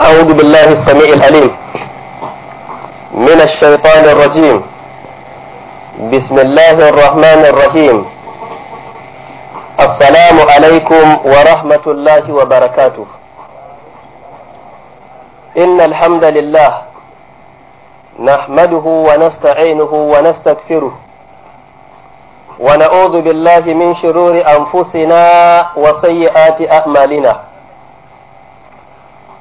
أعوذ بالله السميع العليم من الشيطان الرجيم بسم الله الرحمن الرحيم السلام عليكم ورحمة الله وبركاته إن الحمد لله نحمده ونستعينه ونستغفره ونعوذ بالله من شرور أنفسنا وسيئات أعمالنا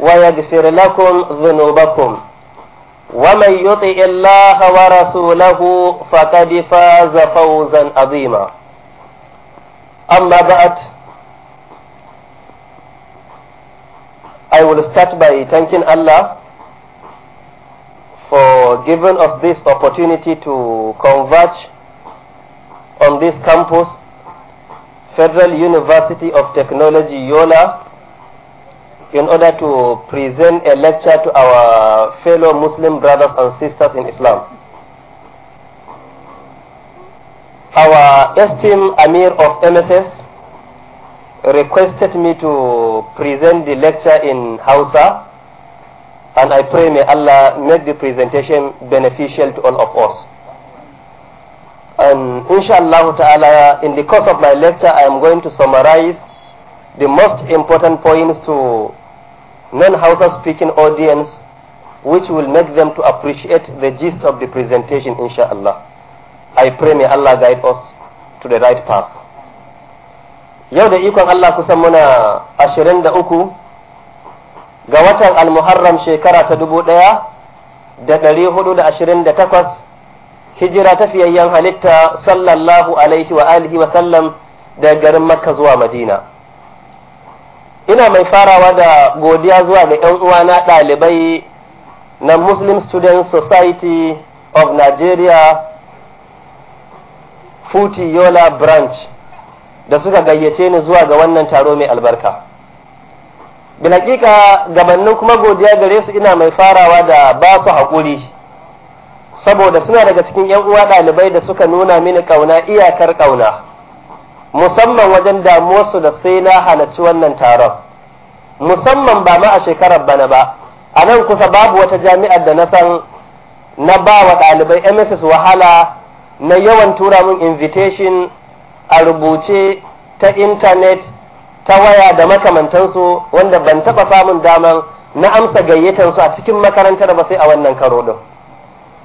ويغفر لكم ذنوبكم ومن يطع الله ورسوله فقد فاز فوزا عظيما أما بعد I will start by thanking Allah for giving us this opportunity to converge on this campus, Federal University of Technology, Yola, in order to present a lecture to our fellow Muslim brothers and sisters in Islam. Our esteemed Amir of MSS requested me to present the lecture in Hausa and I pray may Allah make the presentation beneficial to all of us. And inshallah ta'ala in the course of my lecture I am going to summarize the most important points to non-Hausa speaking audience which will make them to appreciate the gist of the presentation inshallah. I pray may Allah guide us to the right path. Yau da ikon Allah kusan muna ashirin da uku ga watan Al-Muharram shekara ta dubu daya da dari hudu da ashirin da takwas hijira ta fiyayyen halitta sallallahu alaihi wa alihi wa sallam da garin Makka zuwa Madina. ina mai farawa da godiya zuwa ga 'yan uwana ɗalibai na muslim student society of nigeria futi yola branch da suka gayyace ni zuwa ga wannan taro mai albarka bilakika gabanin kuma godiya gare su ina mai farawa da ba su haƙuri saboda suna daga cikin 'yan uwa ɗalibai da suka nuna mini ƙauna iyakar ƙauna musamman wajen damuwarsu da sai na halarci wannan taron musamman ba ma a shekarar bana ba a nan kusa babu wata jami'ar da na san na ba wa ɗalibai emesis wahala na yawan tura min invitation a rubuce ta intanet ta waya da makamantansu wanda ban taɓa samun daman na amsa gayyatansu a cikin makarantar ba sai a wannan karo ɗin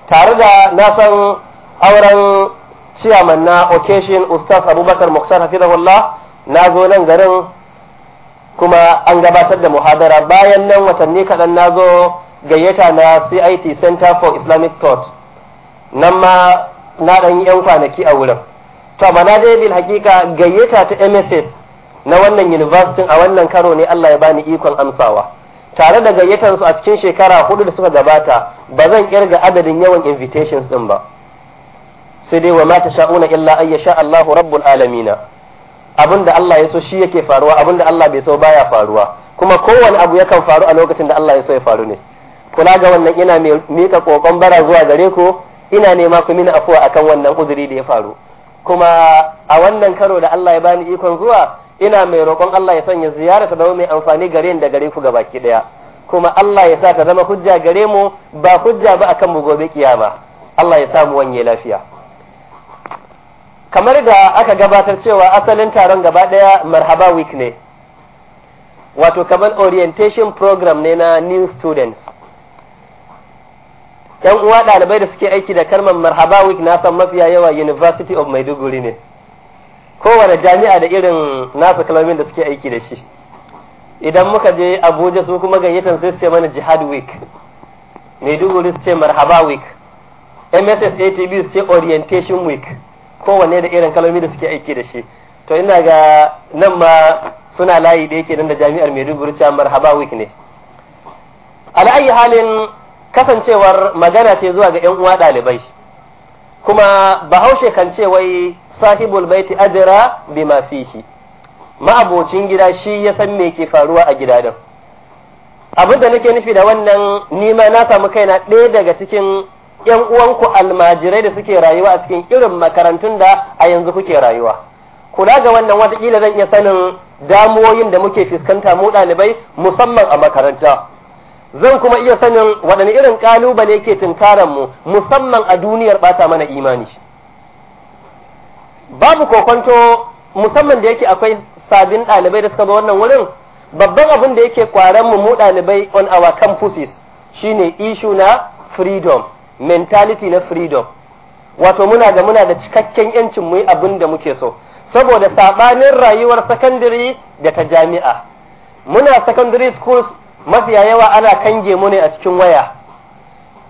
tare da na san auren ciyaman na occasion ustaz abubakar muktar hafizahullah na zo nan garin kuma an gabatar da muhadara bayan nan watanni kaɗan na zo gayyata na cit center for islamic thought nan ma na ɗan yan kwanaki a wurin to amma na dai bil hakika gayyata ta mss na wannan university a wannan karo ne allah ya bani ikon amsawa tare da gayyatansu a cikin shekara hudu da suka gabata ba zan kirga adadin yawan invitations din ba sai dai wa ma sha'una illa ay yasha Allahu rabbul alamina abinda Allah ya so shi yake faruwa abinda Allah bai so baya faruwa kuma kowane abu yakan faru a lokacin da Allah ya so ya faru ne kula ga wannan ina mika kokon bara zuwa gare ku ina nema ku mini afuwa akan wannan uzuri da ya faru kuma a wannan karo da Allah ya bani ikon zuwa ina mai roƙon Allah ya sanya ziyara ta zama mai amfani gare ni da gare ku gabaki daya kuma Allah ya sa ta zama hujja gare mu ba hujja ba akan mu gobe kiyama Allah ya samu wanye lafiya kamar da aka gabatar cewa asalin taron gaba ɗaya marhaba week ne wato kamar orientation program ne na new students yan uwa ɗalibai da suke aiki da kalmar marhaba week na san mafiya yawa university of maiduguri ne kowane jami'a da irin nasu kalmomin da suke aiki da shi idan muka je abuja su kuma gayyatan sai ce mana jihad week maiduguri su ce marhaba week mss atb su ce orientation week kowanne da irin kalmomi da suke aiki da shi to ina ga nan ma suna layi da yake nan da jami'ar Maiduguri cewa marhaba week ne ala ayi halin kasancewar magana ce zuwa ga yan uwa ɗalibai kuma bahaushe kan ce wai sahibul baiti adra bima fihi ma'abocin gida shi ya san me ke faruwa a gida din abinda nake nufi da wannan nima na samu kaina ɗaya daga cikin yan uwanku almajirai da suke rayuwa a cikin irin makarantun da a yanzu kuke rayuwa kula ga wannan watakila zan iya sanin damuwoyin da muke fuskanta mu ɗalibai musamman a makaranta zan kuma iya sanin waɗanne irin ƙalubale ke tunkaran mu musamman a duniyar ɓata mana imani babu kokonto musamman da yake akwai sabbin ɗalibai da suka zo wannan wurin babban abin da yake kwaran mu mu ɗalibai on our campuses shine issue na freedom mentality na freedom wato muna da muna da cikakken yancin mu yi abin da muke so saboda sabanin rayuwar secondary da ta jami'a muna secondary schools mafiya yawa ana kange mu ne a cikin waya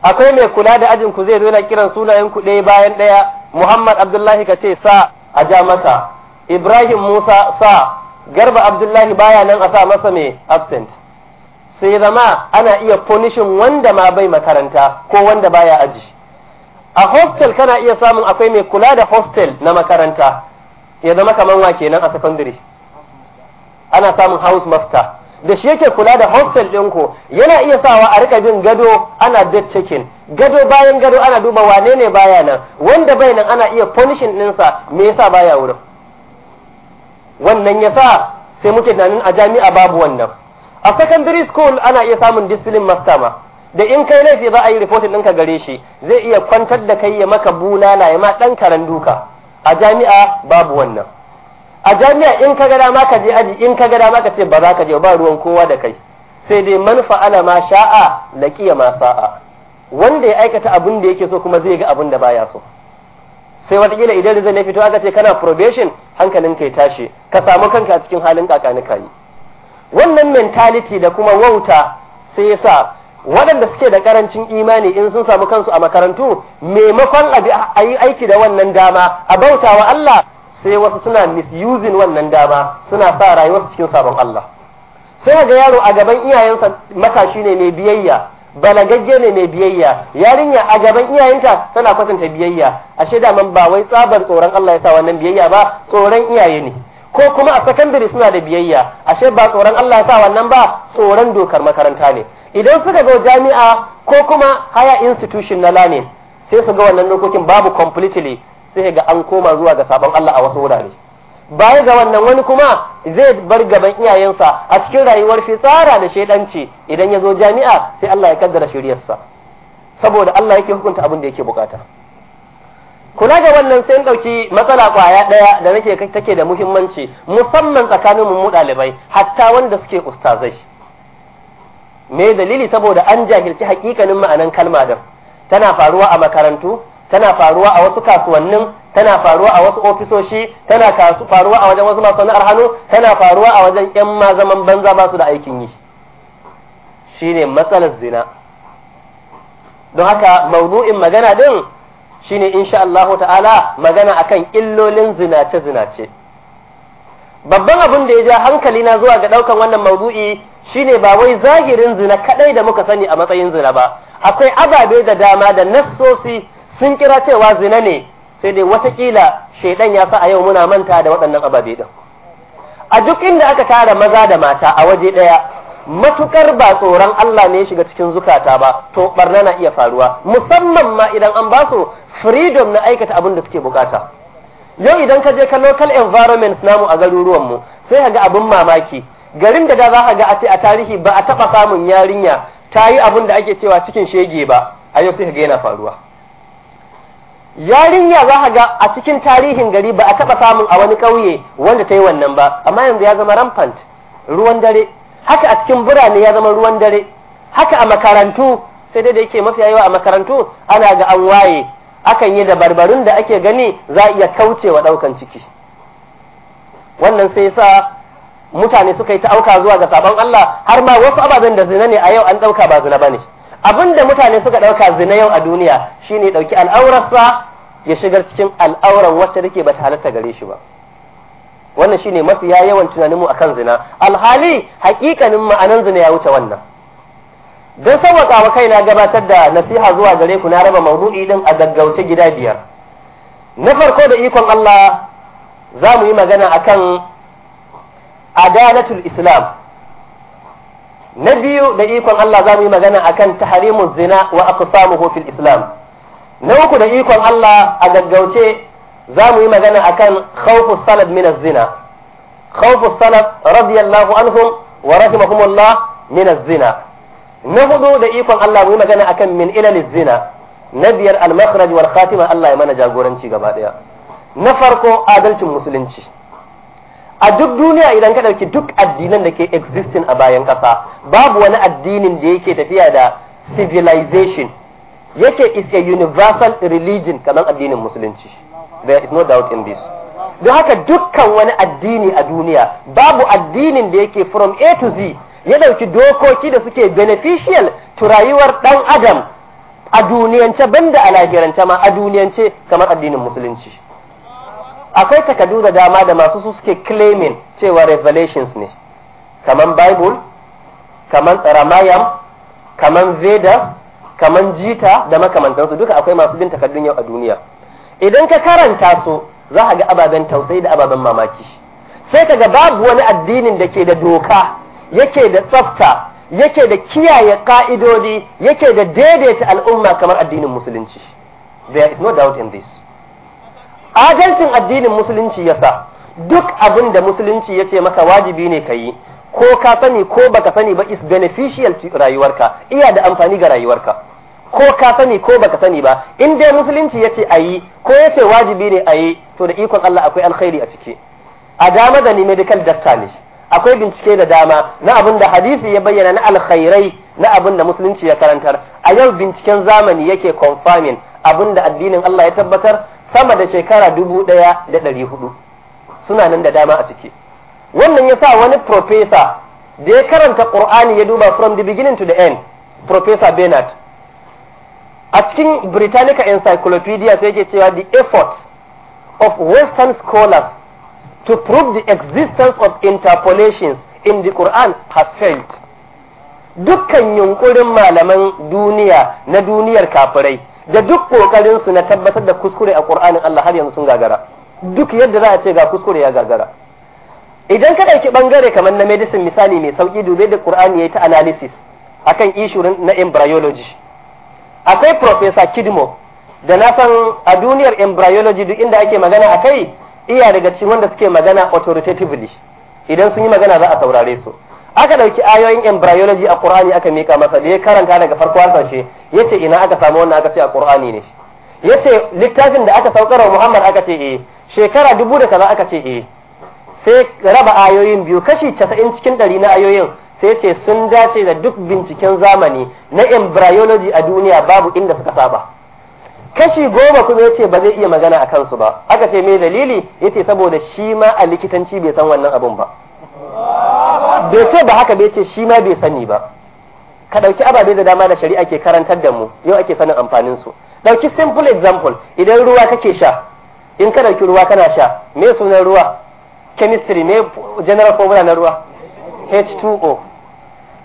akwai mai kula da ajin ku zai zo yana kiran sunayen ku ɗaya bayan ɗaya Muhammad Abdullahi ka ce sa a ja masa Ibrahim Musa sa Garba Abdullahi baya nan a sa masa mai absent sai zama ana iya punishin wanda ma bai makaranta ko wanda baya aji a hostel kana iya samun akwai mai kula da hostel na makaranta ya zama kamar wa kenan a secondary ana samun house master da shi yake kula da hostel ɗinku yana iya sawa a rika bin gado ana dead checking gado bayan gado ana duba wane ne baya nan wanda bai nan ana iya punishing ɗinsa me yasa baya wurin wannan yasa sai muke tunanin a jami'a babu wannan a secondary school ana iya samun discipline master ma da in kai laifi za a yi reporting ɗinka gare shi zai iya kwantar da kai ya maka bunana ya ma ɗan karen duka a jami'a babu wannan a jami'a in ka ga dama ka je aji in ka ga dama ka ce ba za ka je ba ruwan kowa da kai sai dai manufa ana ma sha'a laqiya ma sa'a wanda ya aikata abin da yake so kuma zai ga abin da baya so sai watakila idan zai fito aka ce kana probation hankalinka ya tashi ka samu kanka a cikin halin kakani kayi wannan mentality da kuma wauta sai yasa waɗanda suke da ƙarancin imani in sun samu kansu a makarantu maimakon a yi aiki da wannan dama a bautawa Allah sai wasu suna misusing wannan dama suna sa rayuwarsu cikin sabon Allah sai ga yaro a gaban iyayensa matashi ne mai biyayya balagagge ne mai biyayya yarinya a gaban iyayenta tana kwatanta biyayya ashe da man ba wai tsabar tsoron Allah ya sa wannan biyayya ba tsoron iyaye ne ko kuma a sakandare suna da biyayya ashe ba tsoron Allah ya sa wannan ba tsoron dokar makaranta ne idan suka zo jami'a ko kuma haya institution na learning sai su ga wannan dokokin babu completely sai ga an koma zuwa ga sabon Allah a wasu wurare baya ga wannan wani kuma zai bar gaban iyayensa a cikin rayuwar fitsara da shaidanci idan ya zo jami'a sai Allah ya kaddara shiriyarsa saboda Allah yake hukunta abin da yake bukata kula da wannan sai in ɗauki matsala kwaya ɗaya da nake take da muhimmanci musamman tsakanin mu ɗalibai hatta wanda suke ustazai me dalili saboda an jahilci hakikanin ma'anan kalma da tana faruwa a makarantu tana faruwa a wasu kasuwannin tana faruwa a wasu ofisoshi tana faruwa a wajen wasu masu sana'ar hannu tana faruwa a wajen yan ma zaman banza ba su da aikin yi shine matsalar zina don haka maudu'in magana din shine insha Allah ta'ala magana akan illolin zinace zinace babban abin da ya ja hankali na zuwa ga daukan wannan maudu'i shine ba wai zahirin zina kadai da muka sani a matsayin zina ba akwai ababe da dama da nassosi sun kira cewa zina ne sai dai watakila shaidan ya sa a yau muna manta da waɗannan ababe din a duk inda aka tara maza da mata a waje ɗaya matukar ba tsoron Allah ne ya shiga cikin zukata ba to barna na iya faruwa musamman ma idan an ba su freedom na aikata abin da suke bukata yau idan ka je ka local environment namu a garuruwan mu sai ga abin mamaki garin da da za ka ga a ce a tarihi ba a taba samun yarinya ta yi abin da ake cewa cikin shege ba a yau sai ka ga yana faruwa yarinya za ka ga a cikin tarihin gari ba a taba samun a wani ƙauye wanda ta yi wannan ba amma yanzu ya zama rampant ruwan dare haka a cikin birane ya zama ruwan dare haka a makarantu sai dai da yake mafi yawa a makarantu ana ga an waye akan yi da barbarun da ake gani za a iya kaucewa ɗaukan ciki wannan sai sa mutane suka yi ta auka zuwa ga sabon Allah har ma wasu ababen da zina ne a yau an ɗauka ba zina bane abin da mutane suka ɗauka zina yau a duniya shine ɗauki al'aurarsa ya shigar cikin al'auran wacce take bata halatta gare shi ba wannan shine mafiya yawan tunanin mu akan zina alhali hakikanin ma'anan zina ya wuce wannan don sauwaka kai na gabatar da nasiha zuwa gare ku na raba maudu'i din a gaggauce gida biyar na farko da ikon Allah za mu yi magana akan adalatul islam na biyu da ikon Allah za mu yi magana akan taharimun zina wa aqsamuhu fil islam na uku da ikon Allah a gaggauce za mu yi magana akan khawfu salaf min az-zina khawfu salaf radiyallahu anhum wa rahimahumullah min az-zina na hudu da ikon Allah mu yi magana akan min ilal zina na biyar al-makhraj wal khatima Allah ya mana jagoranci gaba daya na farko adalcin musulunci a duk duniya idan ka ɗauki duk addinan da ke existing a bayan kasa babu wani addinin da yake tafiya da civilization yake is a universal religion kaman addinin musulunci there is no doubt in this don haka dukkan wani addini a duniya babu addinin da yake from A to Z ya dauki dokoki da suke beneficial to rayuwar dan adam a duniyance banda a lahirance ma a duniyance kamar addinin musulunci akwai takardu da dama da masu su suke claiming cewa revelations ne kaman bible kaman ramayam kaman vedas kaman jita da makamantansu duka akwai masu bin takardun yau a duniya idan ka karanta su za ka ga ababen tausayi da ababen mamaki sai ka ga babu wani addinin da ke da doka yake da tsafta yake da kiyaye ka'idodi yake da daidaita al'umma kamar addinin musulunci there is no doubt in this adalcin addinin musulunci yasa duk abin da musulunci ya ce maka wajibi ne ka yi ko ka sani ko baka sani ba is beneficial rayuwarka iya da amfani ga rayuwarka ko ka sani ko baka sani ba in dai musulunci yace ayi ko yace wajibi ne ayi to da ikon Allah akwai alkhairi a ciki a dama da ni medical doctor ne akwai bincike da dama na abin da hadisi ya bayyana na alkhairai na abin da musulunci ya karantar a yau binciken zamani yake confirming abin da addinin Allah ya tabbatar sama da shekara dubu ɗaya da ɗari hudu suna nan da dama a ciki wannan ya sa wani professor da ya karanta ƙur'ani ya duba from the beginning to the end professor Bernard a cikin Britannica Encyclopedia sai yake cewa the effort of western scholars to prove the existence of interpolations in the Quran has failed dukkan yunkurin malaman duniya na duniyar kafirai da duk ƙoƙarinsu na tabbatar da kuskure a Qur'anin Allah har yanzu sun gagara duk yadda za a ce ga kuskure ya gagara idan ka ɗauki ɓangare kamar na medicine misali mai sauƙi dubai da ƙur'ani ya yi ta analysis akan issurin na embryology akwai professor kidmo da na san a duniyar embryology duk inda ake magana a kai iya daga cikin wanda suke magana authoritatively idan sun yi magana za a saurare su aka ɗauki ayoyin embryology a qur'ani aka mika masa da ya karanta daga farko har ƙarshe yace ina aka samu wannan aka ce a qur'ani ne yace littafin da aka saukar wa muhammad aka ce eh shekara dubu da kaza aka ce eh sai raba ayoyin biyu kashi casa'in cikin ɗari na ayoyin sai ce sun dace da duk binciken zamani na embryology a duniya babu inda suka saba kashi goma kuma ya ce ba zai iya magana a kansu ba aka ce mai dalili ya ce saboda shi ma a likitanci bai san wannan abun ba bai ce ba haka bai ce shi ma bai sani ba ka ɗauki ababe da dama da shari'a ke karantar da mu yau ake sanin amfanin su ɗauki simple example idan ruwa kake sha in ka ɗauki ruwa kana sha me sunan ruwa chemistry me general formula na ruwa H2O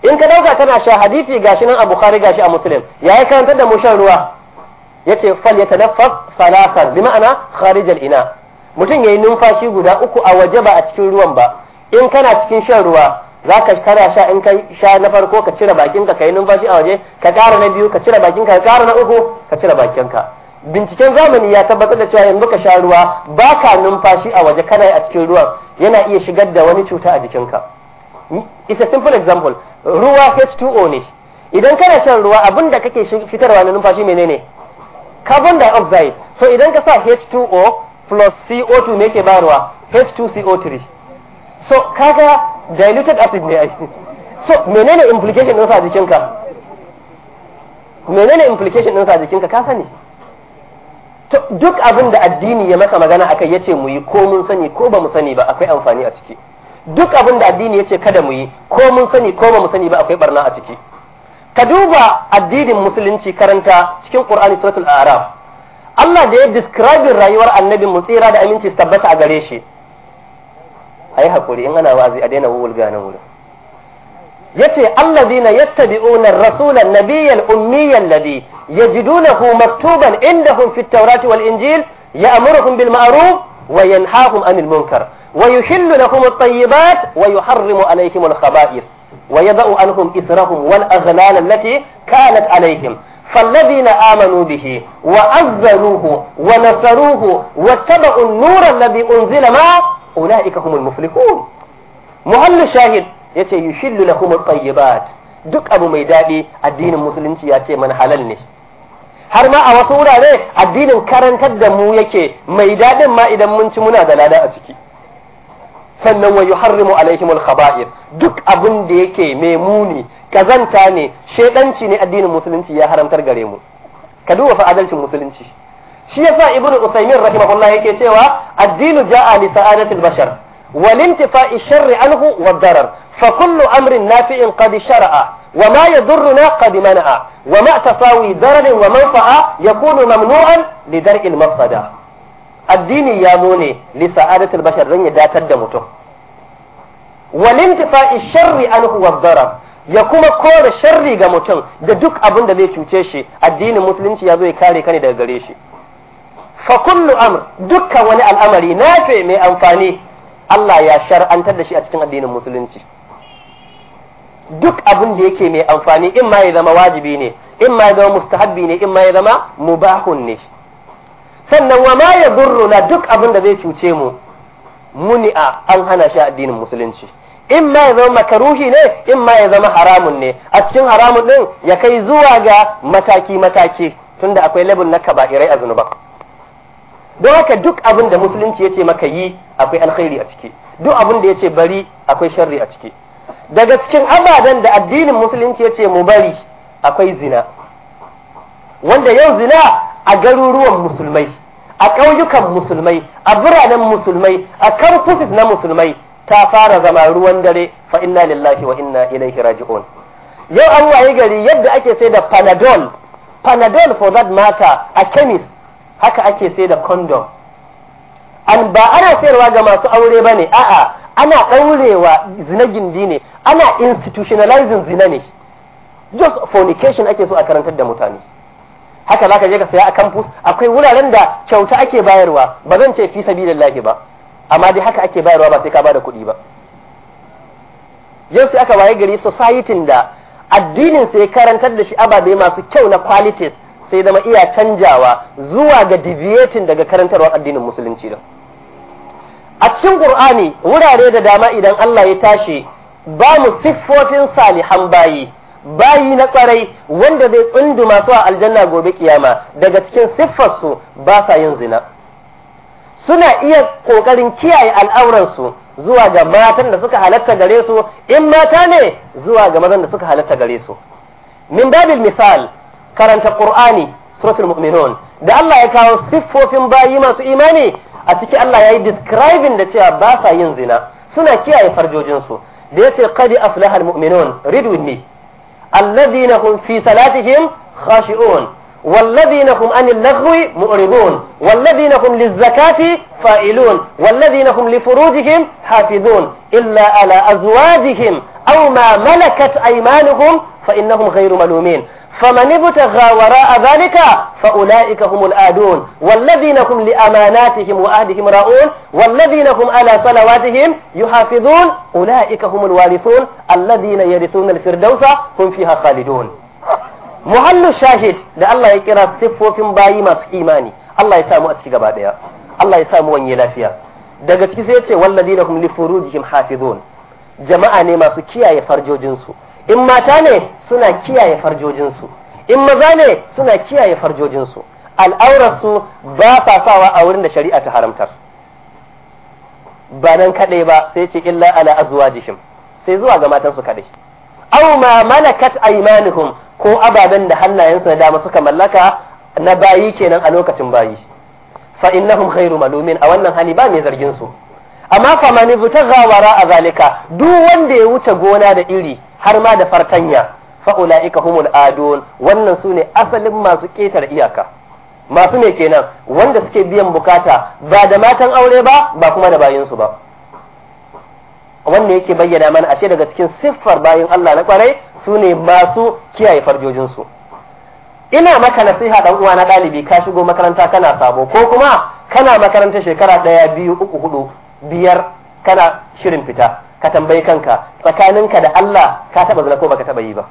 in ka dauka kana sha hadisi gashi nan a Bukhari gashi a Muslim yayi karanta da mu shan ruwa yace fal ya tanaffas salasa bi ma'ana kharij ina mutum yayi numfashi guda uku a waje ba a cikin ruwan ba in kana cikin shan ruwa zaka kana sha in kai sha na farko ka cire bakinka kai numfashi a waje ka kara na biyu ka cire bakinka ka kara na uku ka cire bakinka binciken zamani ya tabbatar da cewa yanzu ka sha ruwa baka numfashi a waje kana a cikin ruwan yana iya shigar da wani cuta a jikinka Hmm? is a simple example ruwa H2O ne idan kana shan ruwa abin da kake fitarwa na numfashi menene carbon dioxide so idan ka sa H2O plus CO2 ne ke ruwa H2CO3 so kaga diluted acid ne ai so menene implication ɗinsa a jikinka menene implication ɗinsa a jikinka ka sani duk abin da addini ya maka magana akai yace mu yi ko mun sani ko ba mu sani ba akwai amfani a ciki duk abin da addini ya ce kada mu yi ko mun sani ko ba mu sani ba akwai barna a ciki ka duba addinin musulunci karanta cikin qur'ani suratul a'raf Allah da ya describe rayuwar annabi mu tsira da aminci tabbata a gare shi ayi hakuri in ana wazi a daina wulga nan wurin yace alladhina yattabi'una ar-rasula an-nabiyyal ummiyya alladhi yajidunahu maktuban indahum fit-taurati wal-injil ya'muruhum bil ma'ruf wa yanhahum 'anil munkar ويحل لهم الطيبات ويحرم عليهم الخبائث ويضع عنهم إثرهم والأغلال التي كانت عليهم فالذين آمنوا به وعزلوه ونصروه واتبعوا النور الذي أنزل ما أولئك هم المفلحون محل الشاهد يشل لهم الطيبات دك أبو ميدادي الدين المسلمين يأتي من حللني har ma a wasu wurare addinin karantar da mu yake mai daɗin ma idan sannan wa yuharrimu alaihimul khaba'ir duk abin da yake mai muni kazanta ne shedanci ne addinin musulunci ya haramtar gare mu ka duba fa adalcin musulunci shi yasa ibnu usaymin rahimahullah yake cewa addinu ja'a li sa'adatil bashar walintifa'i sharri anhu wa darar fa kullu amrin nafi'in qad shar'a وما wa قد منع dararin wa ضرر ya يكون ممنوعا لدرء المفسدة addini ya zo ne li sa'adatul bashar dan ya datar da mutum walintifa'i sharri an huwa darar ya kuma kore sharri ga mutum da duk abin da zai cuce shi addinin musulunci ya zo ya kare ka daga gare shi fa kullu amr dukkan wani al'amari nafe mai amfani Allah ya shar'antar da shi a cikin addinin musulunci duk abin da yake mai amfani in ma ya zama wajibi ne in ma ya zama mustahabbi ne in ma ya zama mubahun ne sannan wa ma ya na duk abin da zai cuce mu muni a an hana shi addinin musulunci in ma ya zama makaruhi ne in ma ya zama haramun ne a cikin haramun ɗin ya kai zuwa ga mataki mataki tunda akwai labin na kaba'irai a zunuba don haka duk abin da musulunci yace maka yi akwai alkhairi a ciki duk abin da yace bari akwai sharri a ciki daga cikin ababen da addinin musulunci yace mu bari akwai zina wanda yau zina a garuruwan musulmai a ƙauyukan musulmai a biranen musulmai a kamfusis na musulmai ta fara zama ruwan dare fa inna lillahi wa inna ilaihi raji'un yau an waye gari yadda ake sai da panadol panadol for that matter a chemist haka ake sai da condom an ba ana sayarwa ga masu aure ba ne a'a ana ɗaurewa zina gindi ne ana institutionalizing zina ne just fornication ake so a karantar da mutane haka za ka je ka saya a campus akwai wuraren da kyauta ake bayarwa ba zan ce fi sabilillahi ba amma dai haka ake bayarwa ba sai ka bada kuɗi ba yau sai aka waye gari sosayitin da addinin sai karantar da shi ababe masu kyau na qualities sai zama iya canjawa zuwa ga diviyetin daga karantarwar addinin musulunci da. a cikin qur'ani wurare da dama idan Allah ya tashi ba mu siffofin salihan bayi bayi na tsarai wanda zai tsundu masu a aljanna gobe kiyama daga cikin siffarsu ba sa yin zina suna iya kokarin kiyaye al'auransu zuwa ga matan da suka halatta gare su in mata ne zuwa ga mazan da suka halatta gare su min babil misal karanta qur'ani suratul mu'minun da Allah ya kawo siffofin bayi masu imani a ciki Allah ya yi describing da cewa ba sa yin zina suna kiyaye farjojinsu da ya ce qad aflahal mu'minun read with me الذين هم في صلاتهم خاشئون والذين هم عن اللغو مؤربون والذين هم للزكاة فائلون والذين هم لفروجهم حافظون إلا على أزواجهم أو ما ملكت أيمانهم فإنهم غير ملومين فمن ابتغى وراء ذلك فأولئك هم الآدون والذين هم لأماناتهم وأهدهم راؤون والذين هم على صلواتهم يحافظون أولئك هم الوارثون الذين يرثون الفردوس هم فيها خالدون محل الشاهد ده الله يكرا صفوفين باي masu imani Allah ya samu a ciki الله يسامو Allah ya samu wani lafiya daga ciki sai ya ce walladina hum li furujihim in mata ne suna kiyaye farjojinsu in maza ne suna kiyaye farjojinsu al'aurarsu ba sa sawa a wurin da shari'a ta haramtar ba nan kaɗai ba sai ce illa ala jishim, sai zuwa ga matansu kaɗai au ma malakat aymanuhum ko ababen da hannayensu na dama suka mallaka na bayi kenan a lokacin bayi fa innahum khairu malumin a wannan hani ba mai zargin su amma fa man ibtagha wara a zalika duk wanda ya wuce gona da iri har ma da fartanya fa'ula'ika humul adun wannan su ne asalin masu ƙetare iyaka masu ne kenan wanda suke biyan bukata ba da matan aure ba ba kuma da bayinsu ba wanda yake bayyana mana ashe daga cikin siffar bayin Allah na kwarai su ne masu kiyaye farjojinsu ina maka nasiha dan uwa na dalibi ka shigo makaranta kana sabo ko kuma kana makaranta shekara ɗaya biyu uku hudu biyar kana shirin fita ka tambayi kanka tsakaninka da Allah ka taba zina ko baka taba yi ba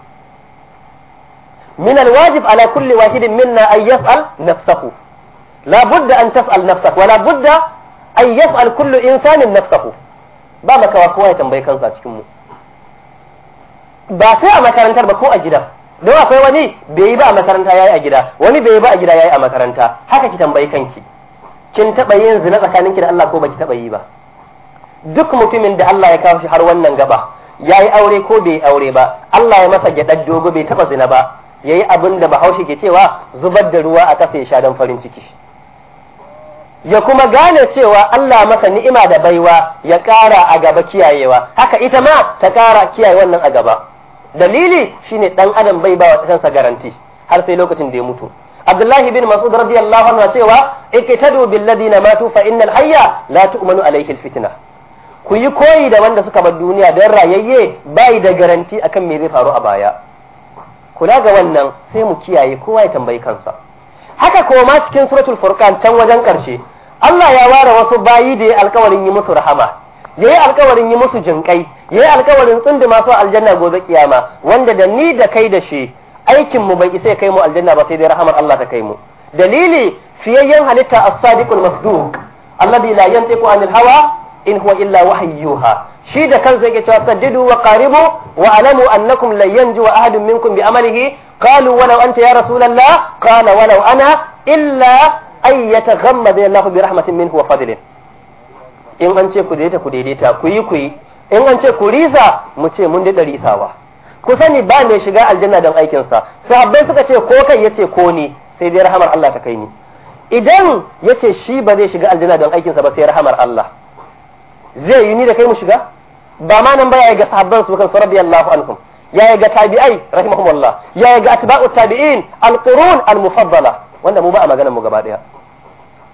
min alwajib ala kulli wahidin minna an yas'al nafsahu la budda an tas'al nafsak wa la budda an yas'al kullu insanin nafsahu ba makawa kowa ya tambayi kansa a cikin mu ba sai a makarantar ba ko a gida don akwai wani bai yi ba a makaranta yayi a gida wani bai yi ba a gida yayi a makaranta haka ki tambayi kanki kin taba yin zina tsakaninki da Allah ko baki taba yi ba duk mutumin da Allah ya kawo shi har wannan gaba ya yi aure ko bai yi aure ba Allah ya masa gyaɗar dogo bai taɓa zina ba ya yi abin da bahaushe ke cewa zubar da ruwa a ƙasa ya sha don farin ciki ya kuma gane cewa Allah masa ni'ima da baiwa ya ƙara a gaba kiyayewa haka ita ma ta ƙara kiyaye wannan a gaba dalili shine ɗan adam bai ba wa kansa garanti har sai lokacin da ya mutu Abdullahi bin Mas'ud radiyallahu anhu cewa ikitadu bil ladina matu fa innal hayya la tu'manu alayhi al fitna ku yi koyi da wanda suka bar duniya don rayayye bai da garanti akan me zai faru a baya kula ga wannan sai mu kiyaye kowa ya tambayi kansa haka kuma ma cikin suratul furqan can wajen ƙarshe, Allah ya ware wasu bayi da ya alkawarin yi musu rahama ya yi alkawarin yi musu jinkai yi alkawarin tsundi masu aljanna gobe kiyama wanda da ni da kai da shi aikin mu bai isa ya kai mu aljanna ba sai dai rahamar Allah ta kai mu dalili fiyayyen halitta as-sadiqul masduq alladhi la yantiqu anil hawa in huwa illa wahayyuha shi da kansa yake cewa saddidu wa qaribu wa alamu annakum lan yanju wa ahadun minkum bi amalihi qalu law anta ya rasulullah qala law ana illa ay yataghammad Allah bi rahmatin minhu wa fadlin in an ce ku daidaita ku daidaita ku yi ku yi in an ce ku risa mu ce mun daɗa risawa ku sani ba mai shiga aljanna don sa sahabbai suka ce ko kai yace ko ni sai dai rahamar Allah ta kai ni idan yace shi ba zai shiga aljanna don aikinsa ba sai rahamar Allah zai yi ni da kai mu shiga ba ma nan ba ya ga sahabban su kan radiyallahu anhum ya ga tabi'ai rahimahumullah ya ga atba'u tabi'in alqurun almufaddala wanda mu ba a maganar mu gaba daya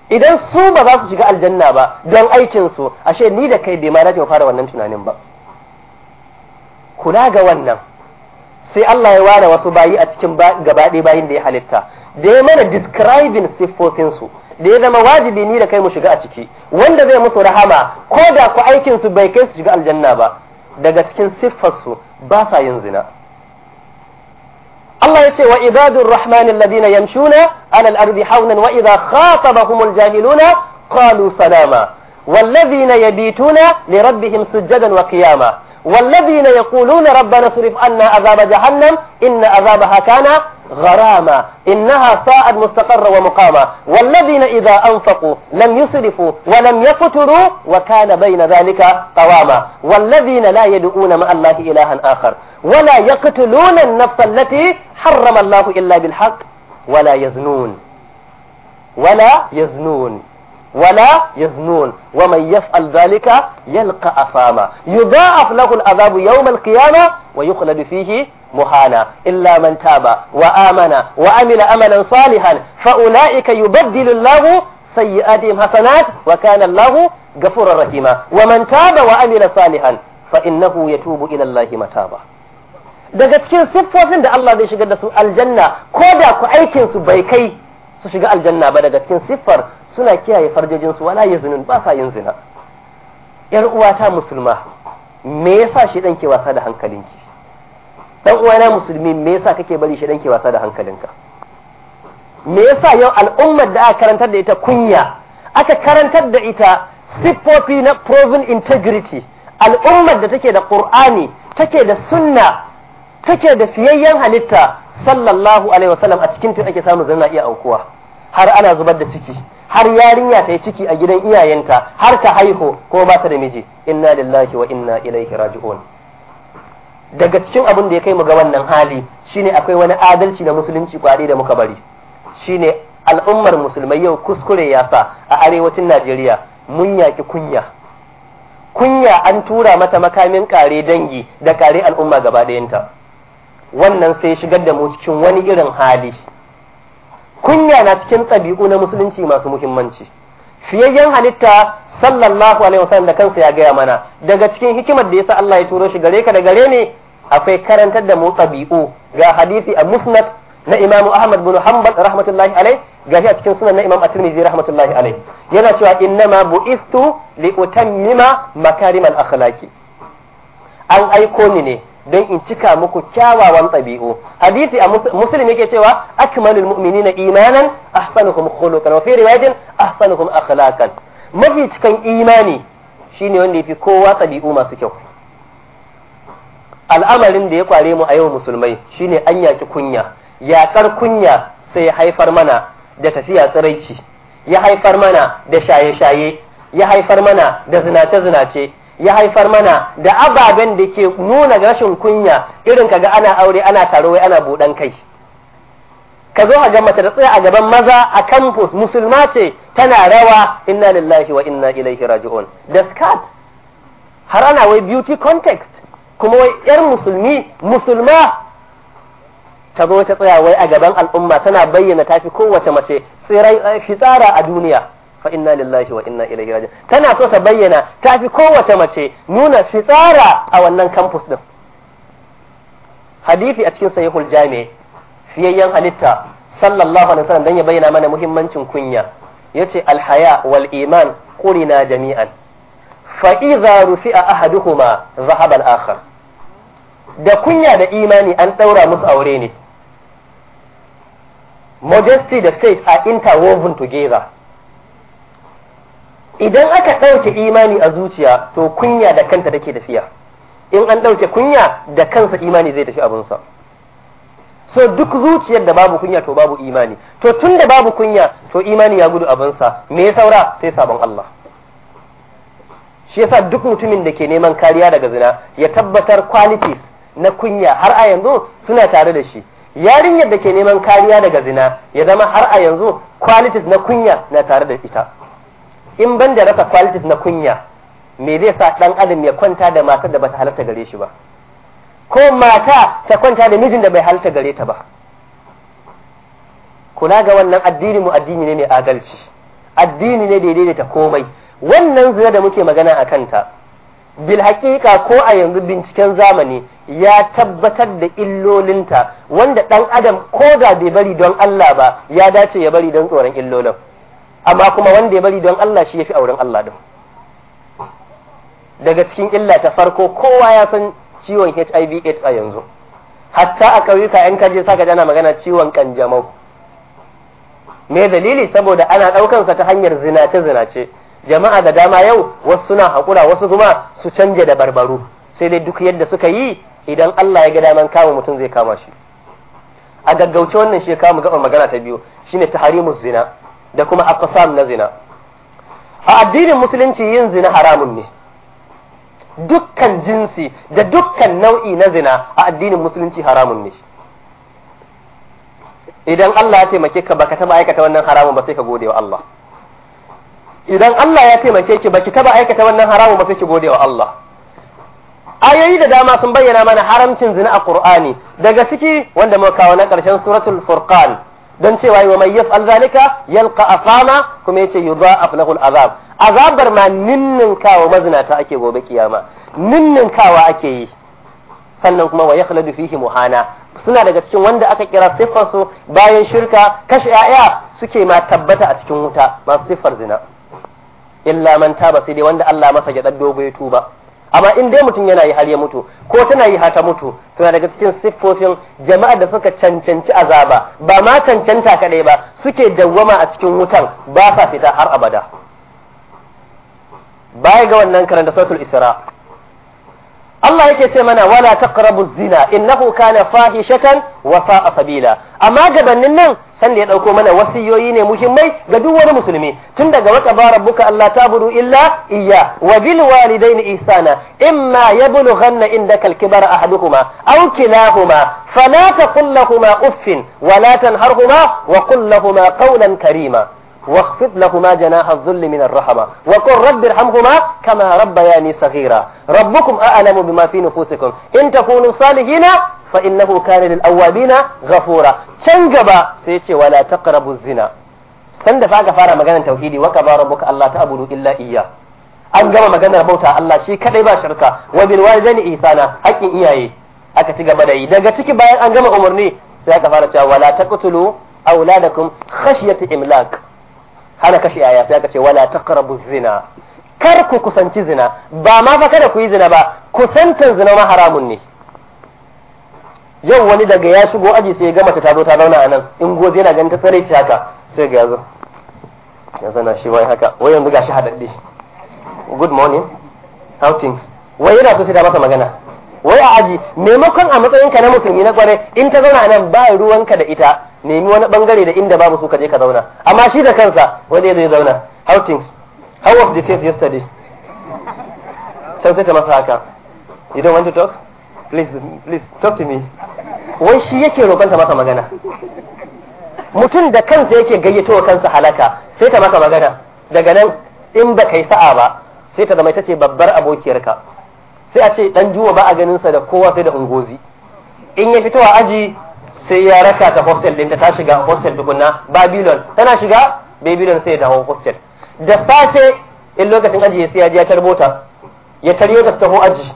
idan su ba za su shiga aljanna ba don aikin su ashe ni da kai bai ma dace mu fara wannan tunanin ba kula ga wannan sai Allah ya ware wasu bayi a cikin gaba ɗaya bayin da ya halitta da ya mana describing siffofinsu su da ya zama wajibi ni da kai mu shiga a ciki wanda zai musu rahama ko da ku aikin su bai kai su shiga aljanna ba daga cikin siffar su ba sa yin zina Allah ya ce wa ibadur rahman alladhina yamshuna ala al-ardi hawnan wa idha khatabahum al-jahiluna qalu salama والذين يبيتون لربهم سجدا وقياما والذين يقولون ربنا اصرف عنا عذاب جهنم إن عذابها كان غرامة إنها صاعد مستقرة ومقامة والذين إذا أنفقوا لم يسرفوا ولم يقتروا وكان بين ذلك قواما والذين لا يدعون مع الله إلها آخر ولا يقتلون النفس التي حرم الله إلا بالحق ولا يزنون ولا يزنون ولا يزنون ومن يفعل ذلك يلقى أثاما يضاعف له العذاب يوم القيامة ويخلد فيه muhana illa man تاب wa amana wa صالحا amalan salihan الله سيئاتهم حسنات وكان الله hasanat wa ومن تاب ghafurur rahima wa man إلى wa متابا salihan daga cikin siffofin da Allah zai shigar da su aljanna ko da ku aikin su bai kai su shiga aljanna ba daga cikin siffar suna kiyaye farjojin su wala yazunun ba sa yin zina yar uwata musulma me yasa shi dan ke wasa da hankalinki dan uwana musulmi me yasa kake bari shi ke wasa da hankalinka me yasa yau al'ummar da aka karantar da ita kunya aka karantar da ita siffofi na proven integrity al'ummar da take da qur'ani take da sunna take da fiyayyen halitta sallallahu alaihi wasallam a cikin tun ake samu zanna iya aukuwa har ana zubar da ciki har yarinya ta yi ciki a gidan iyayenta har ta haihu ko ba ta da miji inna lillahi wa inna ilaihi raji'un daga cikin abin da ya kai mu ga wannan hali shine akwai wani adalci na musulunci kwari da muka bari shine al'ummar musulmai yau kuskure ya sa a arewacin Najeriya mun yaki kunya kunya an tura mata makamin kare dangi da kare al'umma gaba ɗayanta wannan sai shigar da mu cikin wani irin hali kunya na cikin ɗabi'u na musulunci masu muhimmanci fiyayyen halitta sallallahu alaihi wasallam da kansa ya gaya mana daga cikin hikimar da yasa Allah ya turo shi gare ka da gare ne akwai karantar da mu ɗabi'u ga hadisi a musnad na imamu ahmad bin hanbal rahmatullahi alai ga shi a cikin sunan na imam at-tirmidhi rahmatullahi alai yana cewa innama bu'istu li utammima makarimal akhlaqi an aiko ni ne don in cika muku kyawawan ɗabi'u hadisi a muslim yake cewa akmalul mu'minina imanan ahsanukum khuluqan wa fi riwayatin kuma akhlaqan mafi cikan imani shine wanda yafi kowa ɗabi'u masu kyau al'amarin da ya kware mu a yau musulmai shine an yaki kunya yaƙar kunya sai haifar mana da tafiya tsiraici ya haifar mana da shaye-shaye ya haifar mana da zinace-zinace ya haifar mana da ababen da ke nuna rashin kunya irin kaga ana aure ana taro wai ana buɗan kai ka zo a mace da tsaya a gaban maza a campus musulma ce tana rawa inna lillahi wa inna ilaihi raji'un da skirt har ana wai beauty context kuma wai yar musulmi musulma ta zo ta tsaya wai a gaban al'umma tana bayyana tafi kowace mace tsirai eh, fitsara a duniya fa inna lillahi wa inna ilaihi tana so ta bayyana tafi kowace mace nuna fitsara a wannan kampus din hadisi a cikin sahihul jami fiyayyen halitta sallallahu alaihi wasallam dan ya bayyana mana muhimmancin kunya yace haya wal iman qulina jami'an Fa'iza idza rufi'a ahaduhuma zahabal akhar da kunya da imani an ɗaura musu aure ne majesty da faith are interwoven together idan aka ɗauke imani a zuciya to kunya da kanta take tafiya in an ɗauke kunya da kansa imani zai tafi abinsa so duk zuciyar da babu kunya to babu imani to tun da babu kunya to imani ya gudu abinsa me ya saura sai sabon Allah shi yasa duk mutumin da ke neman kariya daga zina ya tabbatar qualities na kunya har a yanzu suna tare da shi yarinyar da ke neman kariya daga zina ya zama har a yanzu qualities na kunya na tare da ita in ban da rasa qualities na kunya me zai sa dan adam ya kwanta da matar da bata halarta gare shi ba ko mata ta kwanta da mijin da bai halarta gare ta ba kula ga wannan addini mu addini ne mai adalci addini ne da daidaita komai wannan zina da muke magana a kanta bil haƙiƙa ko a yanzu binciken zamani ya tabbatar da illolinta wanda ɗan adam ko da bai bari don Allah ba ya dace ya bari don tsoron illolin amma kuma wanda ya bari don Allah shi ya fi auren Allah ɗin. daga cikin illa ta farko kowa ya san ciwon HIV AIDS a yanzu hatta a ƙauyuka yan kaje sa jana magana ciwon ƙanjamau me dalili saboda ana ɗaukansa ta hanyar zinace zinace jama'a da dama yau wasu suna haƙura wasu kuma su canja da barbaru sai dai duk yadda suka yi idan Allah ya ga daman kama mutum zai kama shi a gaggauce wannan shi kama gaba magana ta biyu shine taharimus zina da kuma aqsam na zina a addinin musulunci yin zina haramun ne dukkan jinsi da dukkan nau'i na zina a addinin musulunci haramun ne idan Allah ya taimake ka baka taba aikata wannan haramun ba sai ka gode wa Allah idan Allah ya taimake ki baki taba aikata wannan haramun ba sai ki gode wa Allah ayoyi da dama sun bayyana mana haramcin zina a Qur'ani daga ciki wanda muka kawo na karshen suratul furqan don cewa wa may yaf'al zalika yalqa afama kuma yace yudha'af lahu al'azab azabar ma kawo mazinata ake gobe kiyama ninninkawa ake yi sannan kuma wa yakhladu fihi muhana suna daga cikin wanda aka kira siffar su bayan shirka kashe 'ya'ya suke ma tabbata a cikin wuta masu siffar zina illa man taba sai dai wanda Allah masa ya dan dogo ya tuba amma in dai mutum yana yi har ya mutu ko tana yi ta mutu tana daga cikin siffofin jama'ar da suka cancanci azaba ba ma cancanta kadai ba suke dawwama a cikin wutan ba sa fita har abada baya ga wannan karanta suratul isra Allah yake ce mana wala taqrabu zina innahu kana fahishatan wa sa'a sabila amma gabanin nan san da ya dauko mana wasiyoyi ne muhimmai ga duk wani musulmi tun daga wata buka Allah ta budu illa iyya wa bil walidaini ihsana imma yablughanna indaka al-kibara ahaduhuma aw kilahuma fala taqul kuma uffin wa la tanharhumā wa qul lahumā qawlan Karima. واخفض لهما جناح الذل من الرحمة وقل رب ارحمهما كما ربياني صغيرا ربكم أعلم بما في نفوسكم إن تكونوا صالحين فإنه كان للأوابين غفورا تنقبا سيتي ولا تقربوا الزنا sanda fa aka fara maganar tauhidi wa kaba rabbuka Allah ta'budu illa iya an gama maganar bauta Allah shi kadai ba shirka wa bil walidayni ihsana haƙƙin iyaye aka ci gaba da yi daga ciki bayan an gama umarni sai aka fara cewa wala taqtulu auladakum khashyata imlak hana kashi a sai aka ce wala taqrabu zina kar ku kusanci zina ba ma fa kada ku yi zina ba kusantan zina ma haramun ne yau wani daga ya shigo aji sai ya ga mace ta zo ta zauna a nan in gobe yana ganin ta tsare ci haka sai ga yazo ya zana shi wai haka wai yanzu gashi hadaddi good morning how things wai yana so sai ta masa magana wai a aji maimakon a matsayinka na musulmi na kware in ta zauna a nan ba ruwanka da ita nemi wani bangare da inda babu su ka je ka zauna amma shi da kansa wani zai zauna how things how was the test yesterday can sai ta masa haka you don't want to talk please please talk to me wai shi yake roƙon ta masa magana mutum da kansa yake gayyato wa kansa halaka sai ta masa magana daga nan in ba kai sa'a ba sai ta zama ita ce babbar abokiyarka sai a ce dan juwa ba a ganin sa da kowa sai da ungozi in ya fito a aji sai ya raka ta hostel din ta shiga hostel tukunna babylon tana shiga babylon sai ya dawo hostel da safe in lokacin aji sai ya ji ya tarbo ta ya taryo ta taho aji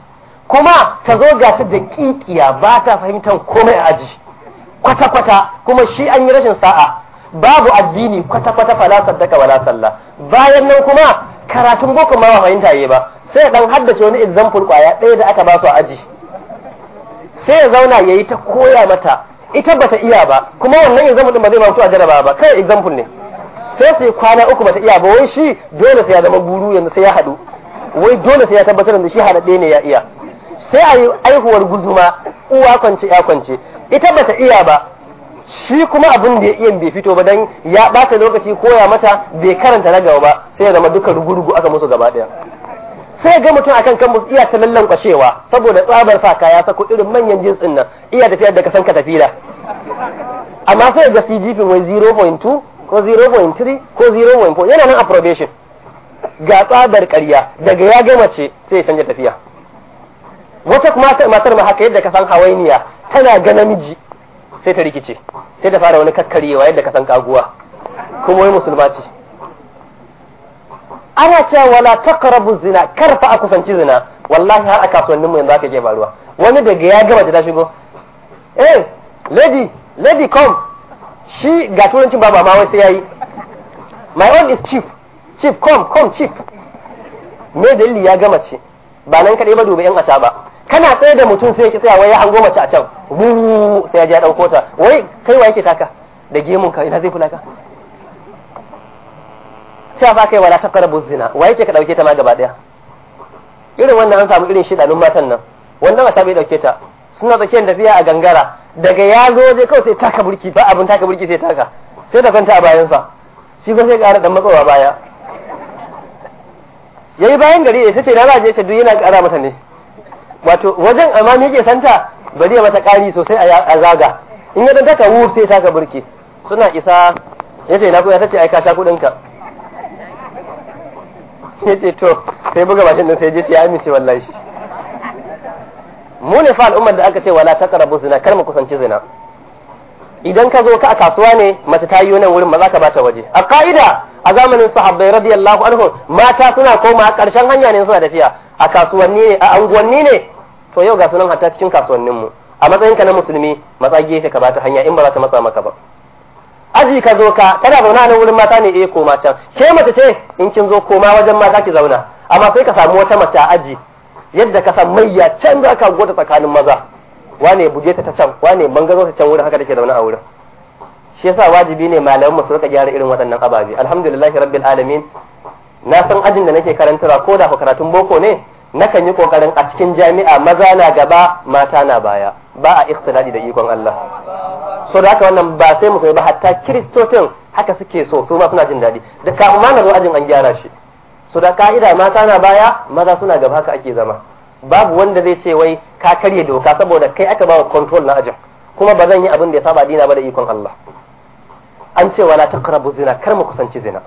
kuma ta zo ga ta da kikiya ba ta fahimtar komai a aji kwata-kwata kuma shi an yi rashin sa'a babu addini kwata-kwata fala saddaka wala sallah bayan nan kuma karatun boko ma ba fahimta yi ba sai dan haddace wani example kwaya ɗaya da aka ba su a aji sai ya zauna ya yi ta koya mata ita bata iya ba kuma wannan example din ba zai ba mutu a jaraba ba kai example ne sai sai kwana uku bata iya ba wai shi dole sai ya zama guru yanzu sai ya hadu wai dole sai ya tabbatar da shi haɗaɗɗe ne ya iya sai ayi aihuwar guzuma uwa kwance ya kwance ita bata iya ba shi kuma abin da ya iya bai fito ba dan ya ɓata lokaci koya mata bai karanta na gaba ba sai ya zama duka rugurugu aka musu gaba ɗaya sai ga mutum akan kan iya ta lallan kwashewa saboda tsabar sa kaya sako irin manyan jinsin nan iya tafiyar da san ka da. amma sai ga CGP wai 0.2 ko 0.3 ko 0.4 yana nan approbation ga tsabar ƙarya daga ya gama ce sai ya canja tafiya wata kuma matar ma haka yadda ka san hawainiya tana ga namiji sai ta rikice sai ta fara wani kakkarewa yadda ka san kaguwa kuma wai musulma ce ana cewa wala taqrabu zina kar a kusanci zina wallahi har a kasuwanninmu yanzu aka ke faruwa wani daga ya gama ta shigo eh lady lady come shi ga turancin ba ba wai sai yayi my own is chief. Chief come come chief. me dalili ya gama ce ba nan kadai ba dubi yan aca ba kana tsaye da mutum sai ya tsaya wai ya an goma ci a can sai ya je ya dauko ta wai kai wa yake taka da gemun ka ina zai kula ka cewa ba kai wala karabu zina wa yake ka dauke ta ma gaba daya irin wannan an samu irin nun matan nan wannan mata bai dauke ta suna tsakiyar tafiya a gangara daga ya zo zai kawai sai taka burki ba abin taka burki sai taka sai ta kwanta a bayansa shi ko sai ƙara dan matsowa baya yayi bayan gari ya ce na ba je ta duk yana ƙara mata ne wato wajen amma me yake santa bari ya mata ƙari sosai a zaga in ya dan taka wur sai taka burki suna isa yace na ko ya tace ai ka sha kuɗin ka ya ce to sai buga bashin din sai je ya amince wallahi shi mu ne fa al'ummar da aka ce wala taqrabu zina kar mu kusanci zina idan ka zo ka a kasuwa ne mace ta yi nan wurin za ka bata waje a ka'ida a zamanin sahabbai radiyallahu anhu mata suna koma a ƙarshen hanya ne suna tafiya a kasuwanni ne a unguwanni ne to yau ga sunan hatta cikin kasuwannin mu a matsayin ka na musulmi matsa gefe ka bata hanya in ba za ta matsa maka ba aji ka zo ka tana zauna nan wurin mata ne eh koma can ke mace ce in kin zo koma wajen mata ki zauna amma sai ka samu wata mace a aji yadda ka san mayya can za ka gwada tsakanin maza wane buje ta can wane bangaro ta can wurin haka take zaune a wurin shi yasa wajibi ne malaman mu su rika gyara irin waɗannan ababe alhamdulillahi rabbil alamin na san ajin da nake karantarwa ko da karatun boko ne nakan yi kokarin a cikin jami'a maza na gaba mata na baya ba a ikhtilali da ikon Allah so da haka wannan ba sai musulmi ba hatta kiristocin haka suke so su ma suna jin daɗi da ka ma na zo ajin an gyara shi so da ka'ida mata na baya maza suna gaba haka ake zama babu wanda zai ce wai ka karye doka saboda kai aka bawa control na ajin kuma ba zan yi abin da ya saba dina ba da ikon Allah an ce wala taqrabu zina kar mu kusanci zina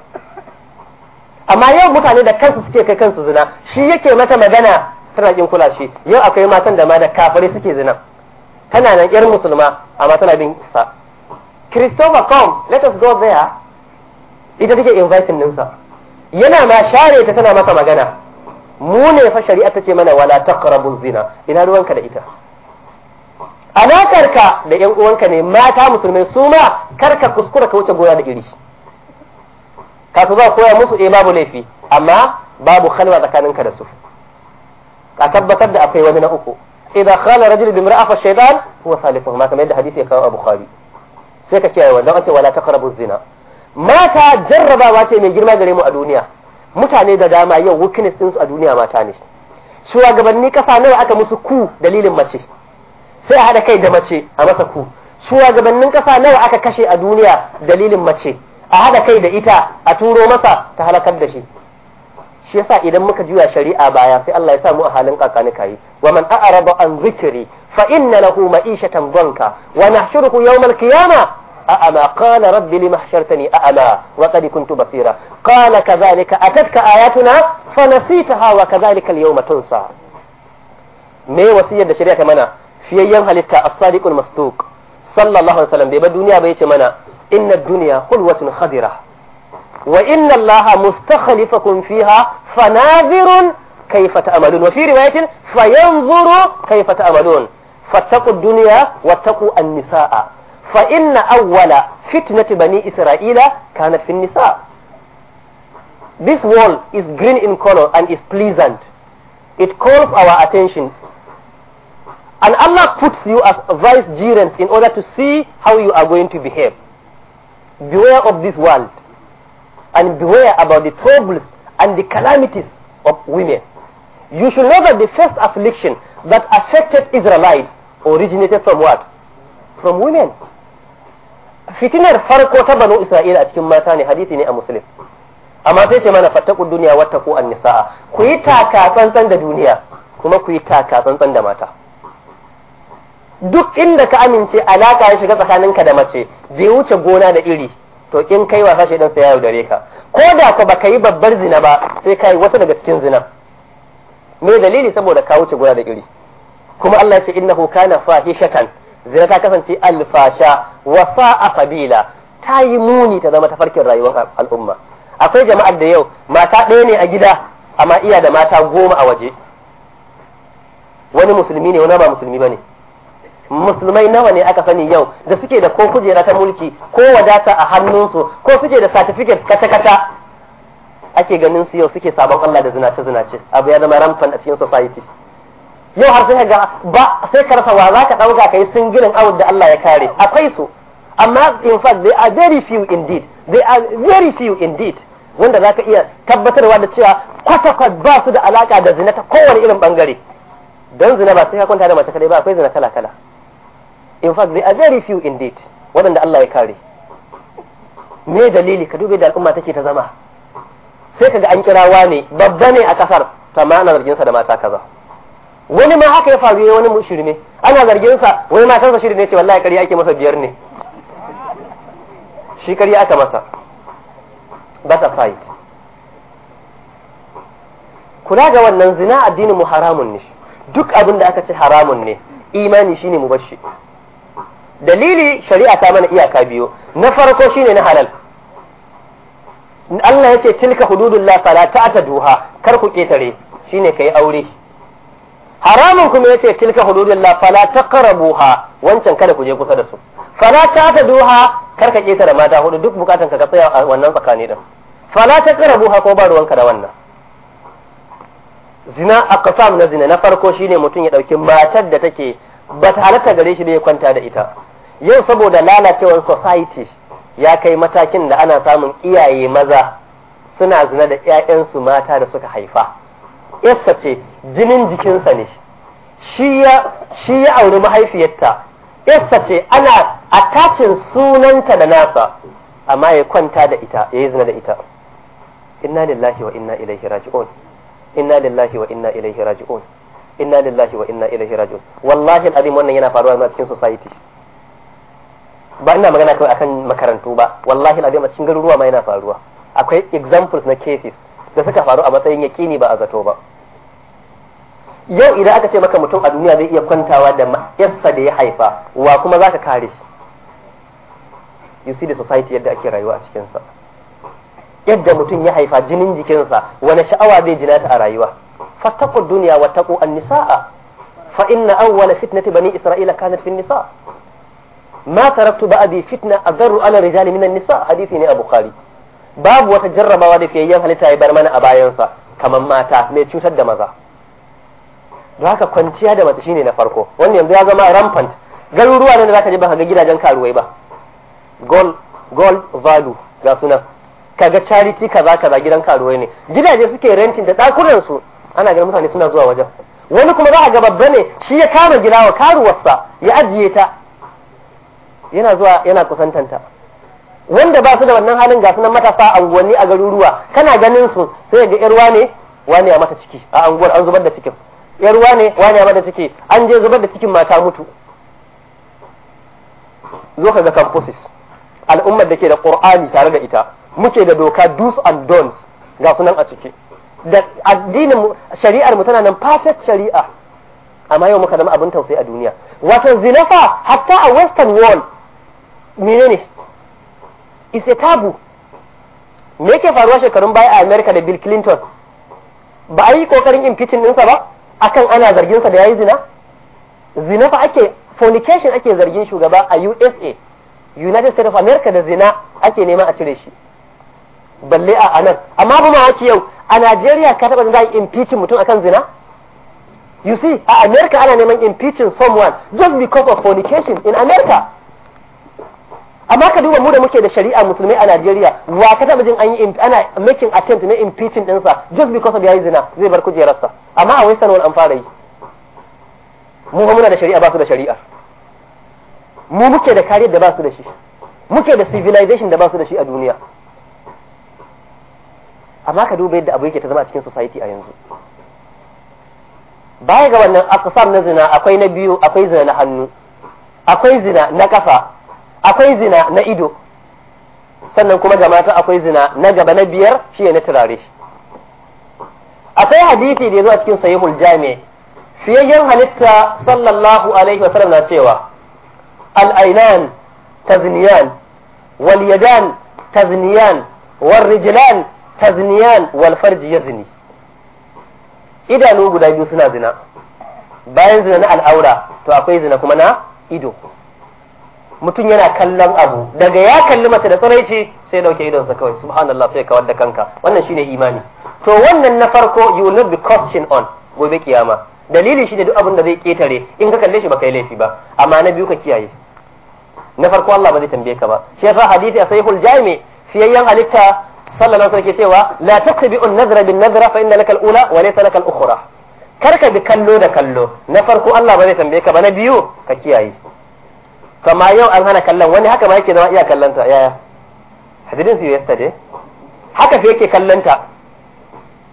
amma yau mutane da kansu suke kai kansu zina shi yake mata magana tana kin kula shi yau akwai matan da ma da kafare suke zina tana nan yar musulma amma tana bin sa Christopher come let us go there ita take inviting ninsa yana ma share ta tana masa magana mu ne fa shari'a tace mana wala taqrabu zina ina ruwanka da ita alakarka da yan uwanka ne mata musulmai su ma karka kuskura ka wuce goya da iri kasu za koya musu e babu laifi amma babu khalwa ka da su a tabbatar da akwai wani na uku idan khala rajul bi mar'a fa shaytan huwa ma kamar yadda hadisi ya kawo a bukhari sai ka kiyaye wannan an ce wala taqrabu zina mata jarrabawa ce mai girma gare mu a duniya mutane da dama yau wukinis din su a duniya mata ne shugabanni kafa nawa aka musu ku dalilin mace sai a hada kai da mace a masa ku shugabannin kafa nawa aka kashe a duniya dalilin mace a haɗa kai da ita a turo masa ta halakar da shi shi yasa idan muka juya shari'a baya sai Allah ya sa mu a halin kakani kai wa man a'rada an zikri fa inna lahu ma'ishatan dhanka wa nahshuruhu yawm al-qiyamah أأما قال wa qad kuntu basira qala kadhalika atatka ayatuna fa nasitaha wa kadhalika al اليوم tunsa me wasiyar da shari'a ta mana fiyayyan halitta as-sadiqul mastuq sallallahu alaihi wasallam bai ba duniya bai ce mana إن الدنيا خلوة خضرة وإن الله مستخلفكم فيها فناذر كيف تأملون وفي رواية فينظر كيف تأملون فاتقوا الدنيا واتقوا النساء فإن أول فتنة بني إسرائيل كانت في النساء This wall is green in color and is pleasant. It calls our attention. And Allah puts you as vice gerents in order to see how you are going to behave. beware of this world and beware about the troubles and the calamities of women. You should know that the first affliction that affected Israelites originated from what? From women. Fitinar farko ta banu Isra'ila a cikin mata ne hadisi ne a Muslim. Amma sai ce mana fattakun duniya wata ko an nisa'a. Ku yi taka tsantsan da duniya kuma ku yi taka tsantsan da mata. duk inda ka amince alaka ya shiga tsakaninka da mace zai wuce gona da iri to in kai wasa dan sai ya dare ka ko da ka baka yi babbar zina ba sai ka yi wasu daga cikin zina me dalili saboda ka wuce gona da iri kuma Allah ya ce innahu kana fahishatan zina ta kasance alfasha wa fa'a kabila ta yi muni ta zama tafarkin rayuwar al'umma akwai jama'ar da yau mata ɗaya ne a gida amma iya da mata goma a waje wani musulmi ne wani ba musulmi ba ne musulmai nawa ne aka sani yau da suke da ko kujera ta mulki ko wadata a hannunsu ko suke da certificate kata-kata ake ganin su yau suke sabon Allah da zinace-zinace abu ya zama rampant a cikin society yau har sai ga ba sai ka wa za ka ɗauka ka yi singirin out da Allah ya kare akwai su amma in fact they are very few indeed they are very few indeed wanda za ka iya tabbatarwa da cewa kwata-kwata ba su da alaka da zina ta kowane irin bangare don zina ba sai ka kwanta da mace kadai ba akwai zina kala-kala in fact they are very few indeed waɗanda Allah ya kare me dalili ka dube da al'umma take ta zama sai kaga an kirawa ne babba ne a kasar to ma ana zargin sa da mata kaza wani ma haka ya faru ya wani shirme ana zargin sa wani matarsa shiri ne ce wallahi ƙarya ake masa biyar ne shi ƙarya aka masa bata kula ga wannan zina addinin mu haramun ne duk abin da aka ce haramun ne imani shine mu bar shi dalili shari'a ta mana iyaka biyu na farko shine na halal Allah ya ce tilka hududullah fala ta'taduha kar ku ketare shine kai aure haramun kuma ya ce tilka hududullah fala taqrabuha wancan kada ku je kusa da su fala ta'taduha kar ka ketare mata hudu duk bukatan ka ka tsaya a wannan tsakani din fala taqrabuha ko ba ruwanka da wannan zina aqsam na zina na farko shine mutum ya dauki matar da take ba ta halatta gare shi da ya kwanta da ita yau saboda lalacewar society ya kai matakin da ana samun iyaye maza suna zina da 'ya'yansu mata da suka haifa yasta ce jinin jikinsa ne shi ya auri mahaifiyarta yasta ce ana attacin sunanta da nasa amma ya kwanta da ita ya yi zina da ita inna lillahi wa inna ilaihi raji'un inna lillahi wa inna ilaihi raji'un inna lillahi wa inna ilaihi raji'un wallahi al'azim wannan yana faruwa a cikin society ba ina magana kawai akan makarantu ba wallahi la dai cikin garuruwa ma yana faruwa akwai examples na cases da suka faru a matsayin yakini ba a zato ba yau idan aka ce maka mutum a duniya zai iya kwantawa da yarsa da ya haifa wa kuma za ka kare shi you see the society yadda ake rayuwa a cikinsa yadda mutum ya haifa jinin jikinsa wani sha'awa zai jina ta a rayuwa fattaku duniya wa taqu an nisa'a fa inna awwala fitnati bani isra'ila kanat fin nisa' ma taraktu ba'di fitna adarru ala rijali minan nisa hadisi ne a bukhari babu wata jarrabawa da fiyayyen halitta ya bar mana a bayansa kamar mata mai cutar da maza don haka kwanciya da mace shine na farko wannan yanzu ya zama rampant garuruwa ne da za je ba ga gidajen karuwai ba gold gold value ga sunan kaga charity kaza kaza gidan karuwai ne gidaje suke rentin da dakunan su ana ganin mutane suna zuwa wajen wani kuma za a ga babba ne shi ya kama gida wa karuwarsa ya ajiye ta yana zuwa yana kusantanta wanda ba su da wannan halin ga sunan matasa a unguwanni a garuruwa kana ganin su sai ga yar wane wani a mata ciki a anguwar an zubar da cikin yar wane wani a mata ciki an je zubar da cikin mata mutu zo ka ga campuses al'ummar da ke da qur'ani tare da ita muke da doka do's and don'ts ga sunan a ciki da addinin shari'ar mu tana nan fasat shari'a amma yau muka zama abin tausayi a duniya wato zinafa hatta a western world menene is a tabu me yake faruwa shekarun baya a America da Bill Clinton ba a yi kokarin impeachin ɗinsa ba akan ana zargin sa da yayi zina zina fa ake fornication ake zargin shugaba a USA United States of America da zina ake nema a cire shi balle a anan amma ba ma yau a Najeriya ka taba zai impeaching mutum akan zina you see a America ana neman impeaching someone just because of fornication in America amma ka duba mu da muke da shari'a musulmai a Najeriya wa ka taba jin an yi ana making attempt na impeaching din sa just because of yayi zina zai bar kujerarsa amma a waisan wani an fara yi mu muna da shari'a ba su da shari'a mu muke da kariyar da ba su da shi muke da civilization da ba su da shi a duniya amma ka duba yadda abu yake ta zama a cikin society a yanzu baya ga wannan aqsam na zina akwai na biyu akwai zina na hannu akwai zina na kafa akwai zina na ido sannan kuma ga mata akwai zina na gaba na biyar shi na turare shi akwai hadisi da ya zo a cikin sahihul jami fiyayyen halitta sallallahu alaihi wasallam na cewa al'ainan tazniyan wal yadan tazniyan wal rijlan tazniyan wal farji yazni idanu guda biyu suna zina bayan zina na al'aura to akwai zina kuma na ido mutum yana kallon abu daga ya kalli mace da tsaraici sai dauke dauke idonsa kawai subhanallah sai kawar da kanka wannan shine imani to wannan na farko you will not be question on gobe kiyama dalili shine duk abin da zai ketare in ka kalle shi ba yi laifi ba amma na biyu ka kiyaye na farko Allah ba zai tambaye ka ba shi yasa hadisi a sahihul jami fiyayyan halitta sallallahu alaihi wasallam cewa la taktabi'u an-nazra bin-nazra fa inna lakal ula wa laysa lakal ukhra karka bi kallo da kallo na farko Allah ba zai tambaye ka ba na biyu ka kiyaye kama yau an hana kallon wani haka ma yake zama iya kallonta yaya hadidin su yesterday haka fi yake kallonta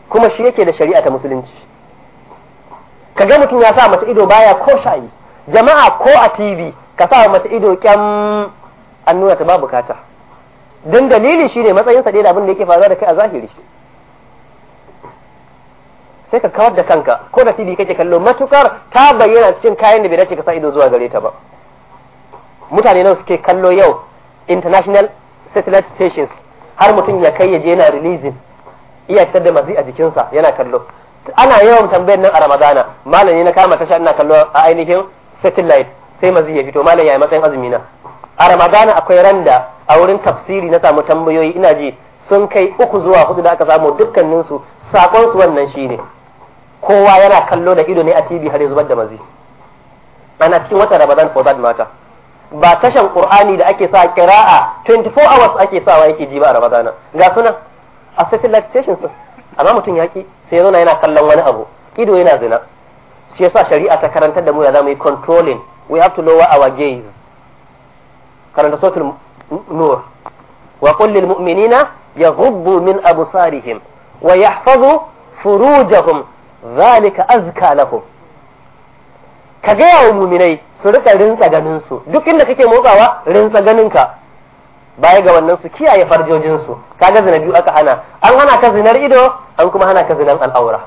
kuma shi yake da shari'a ta musulunci kaga mutum ya sa mace ido baya ko shayi jama'a ko a tv ka sa mace ido kyam an nuna ta ba bukata don dalili shine matsayin sa da abin da yake faruwa da kai a zahiri sai ka kawar da kanka ko da tv kake kallo matukar ta bayyana cikin kayan da bai dace ka sa ido zuwa gare ta ba mutane nawa suke kallo yau international satellite stations har mutum ya kai ya je yana releasing iya fitar da mazi a jikinsa yana kallo ana yawan tambayar nan a ramadana malam ne na kama tasha ina kallo a ainihin satellite sai mazi ya fito malam ya yi matsayin azumi na a ramadana akwai randa a wurin tafsiri na samu tambayoyi ina ji sun kai uku zuwa hudu da aka samu dukkaninsu sakon su wannan shine kowa yana kallo da ido ne a tv har ya zubar da mazi ana cikin watan ramadan for that matter ba tashan qur'ani da ake sa qira'a 24 hours ake sa wa yake ji ba a ramadana ga sunan a satellite stations amma mutum ya ki sai ya zauna yana kallon wani abu ido yana zina shi yasa shari'a ta karantar da mu ya zama controlling we have to lower our gaze karanta sautul nur wa qul lil mu'minina yaghuddu min absarihim wa yahfazu furujahum zalika azka lahum ka ga wa mu'minai su rika rinsa ganin su duk inda kake motsawa rinsa ganin ka baya ga wannan su kiyaye farjojin su kaga zina biyu aka hana an hana ka zinar ido an kuma hana ka zinan al'aura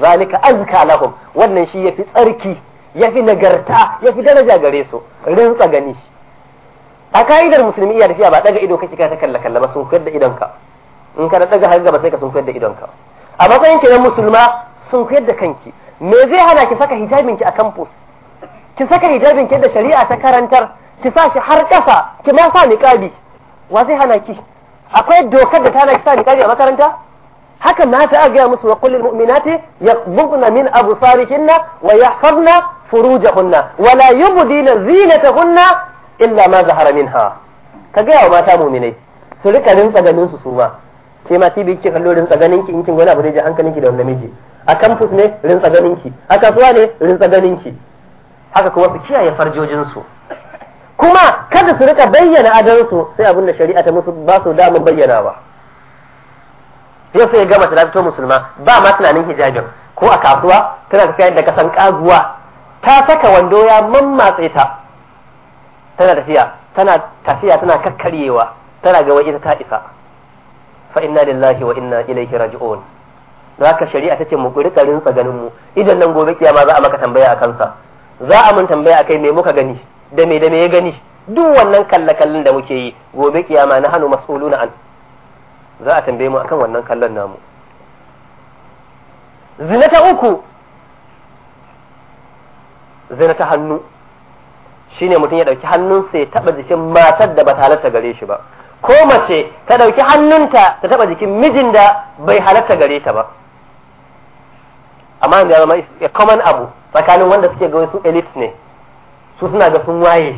zalika azka lahum wannan shi yafi tsarki yafi nagarta yafi daraja gare su rinsa gani a ka'idar musulmi iya tafiya ba daga ido kake ka kalla kalla ba sun da idonka in ka daga har gaba sai ka sun da idonka a matsayin ke na musulma sun da kanki me zai hana ki saka hijabin ki a campus ki saka hijabin ki da shari'a ta karantar ki sa shi har ƙasa ki ma sa niqabi wa zai hana ki akwai dokar da ta hana ki sa niqabi a makaranta haka ta a gaya musu wa kullil mu'minati yaqbudna min absarihinna wa yahfazna furujahunna wa la yubdina zinatahunna illa ma zahara minha ka gaya wa mata mu'minai su rika rinsa ganin su suma ke ma tibi kike kallo rinsa ganin ki in kin wani abu da hankalin ki da wani miji, a campus ne rinsa ganin ki a kasuwa ne rinsa ganin ki haka kuma su kiyaye farjojinsu kuma kada su rika bayyana adansu sai abin da shari'a ta musu ba su damar bayyana ba yau sai ga mace ta musulma ba ma tunanin hijabin ko a kasuwa tana tafiya da kasan kaguwa ta saka wando ya mammatse ta tana tafiya tana tafiya tana kakkaryewa tana ga ita ta isa fa inna lillahi wa inna ilaihi raji'un haka shari'a ta ce mu kuri rinsa ganin mu idan nan gobe kiyama za a maka tambaya a kansa za a mun tambaya akai me muka gani da me da me ya gani duk wannan kalle kallon da muke yi gobe kiyama na hannu mas'uluna an za a tambaye mu akan wannan kallon namu zina ta uku zina ta hannu shine mutum ya dauki hannunsa ya taba jikin matar da bata halarta gare shi ba ko mace ta dauki hannunta ta taba jikin mijin da bai halarta gare ta ba amma yanzu ya zama a common abu tsakanin wanda suke ga wasu elite ne su suna ga sun waye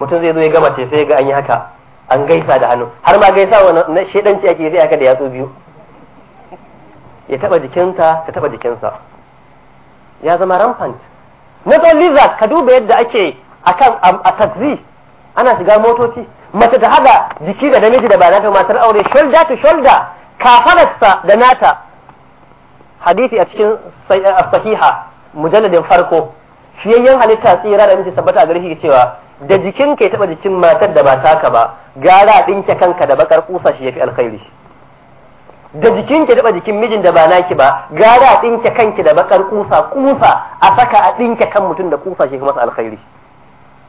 mutum zai zo ya gama ce sai ga an yi haka an gaisa da hannu har ma gaisa wa na shedanci ake sai haka da yatsu biyu ya taba jikinta ta taba jikinsa ya zama rampant na liza ka duba yadda ake a kan a taxi ana shiga motoci mace ta haɗa jiki da namiji da ba ta matar aure shoulder to shoulder kafararsa da nata hadisi a cikin sahiha mujalladin farko fiyayyen halitta tsira da miji sabbata a gare shi cewa da jikin ka ya taba jikin matar da ba taka ba gara a dinke kanka da bakar kusa shi yafi alkhairi da jikin ka taba jikin mijin da ba naki ba gara a dinke kanki da bakar kusa kusa a saka a dinke kan mutum da kusa shi masa alkhairi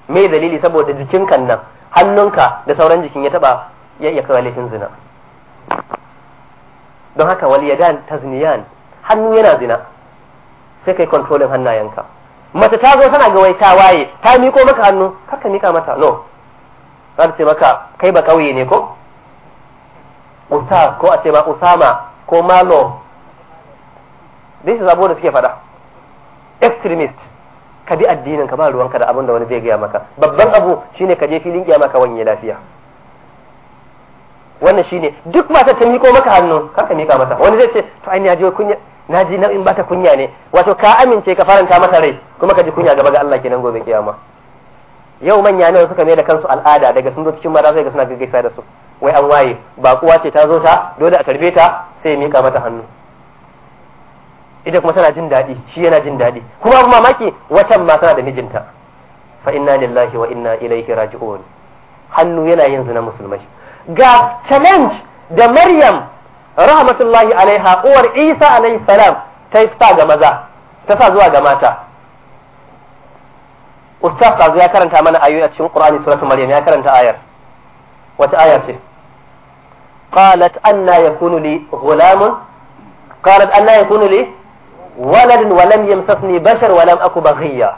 me dalili saboda jikin kan nan hannunka da sauran jikin ya taba ya iya kawai zina don haka wal yadan tazniyan hannu yana zina sai kai kontrolin hannayenka mace ta zo tana ga wai ta waye ta miko maka hannu kar ka mika mata no za ta ce maka kai ba kauye ne ko usa ko a ce ba usama ko malo dai su zabo da suke fada extremist ka bi addinin ka ba ruwanka da abin da wani zai gaya maka babban abu shine ka je filin kiyama ka wanye lafiya wannan shine duk matar ta miko maka hannu kar ka mika mata wani zai ce to ai ya aje kunya na ji nau'in bata kunya ne wato ka amince ka faranta masa rai kuma ka ji kunya gaba ga Allah kenan gobe kiyama yau manya nawa suka mai da kansu al'ada daga sun zo cikin mara sai ga suna gaggaisa da su wai an waye ba kuwa ce ta zo ta dole a tarbe ta sai mika mata hannu ita kuma tana jin daɗi shi yana jin daɗi kuma abu mamaki watan ma tana da mijinta fa inna lillahi wa inna ilaihi raji'un hannu yana yin zina musulmai ga challenge da Maryam rahmatullahi alaiha uwar Isa alaihi salam ta sa ga maza ta sa zuwa ga mata ustaz Azu ya karanta mana ayoyi a cikin Qur'ani suratul Maryam ya karanta ayar wata aya ce قالت أنا يكون لي غلام قالت أنا يكون لي ولد ولم يمسسني بشر ولم أكو بغيا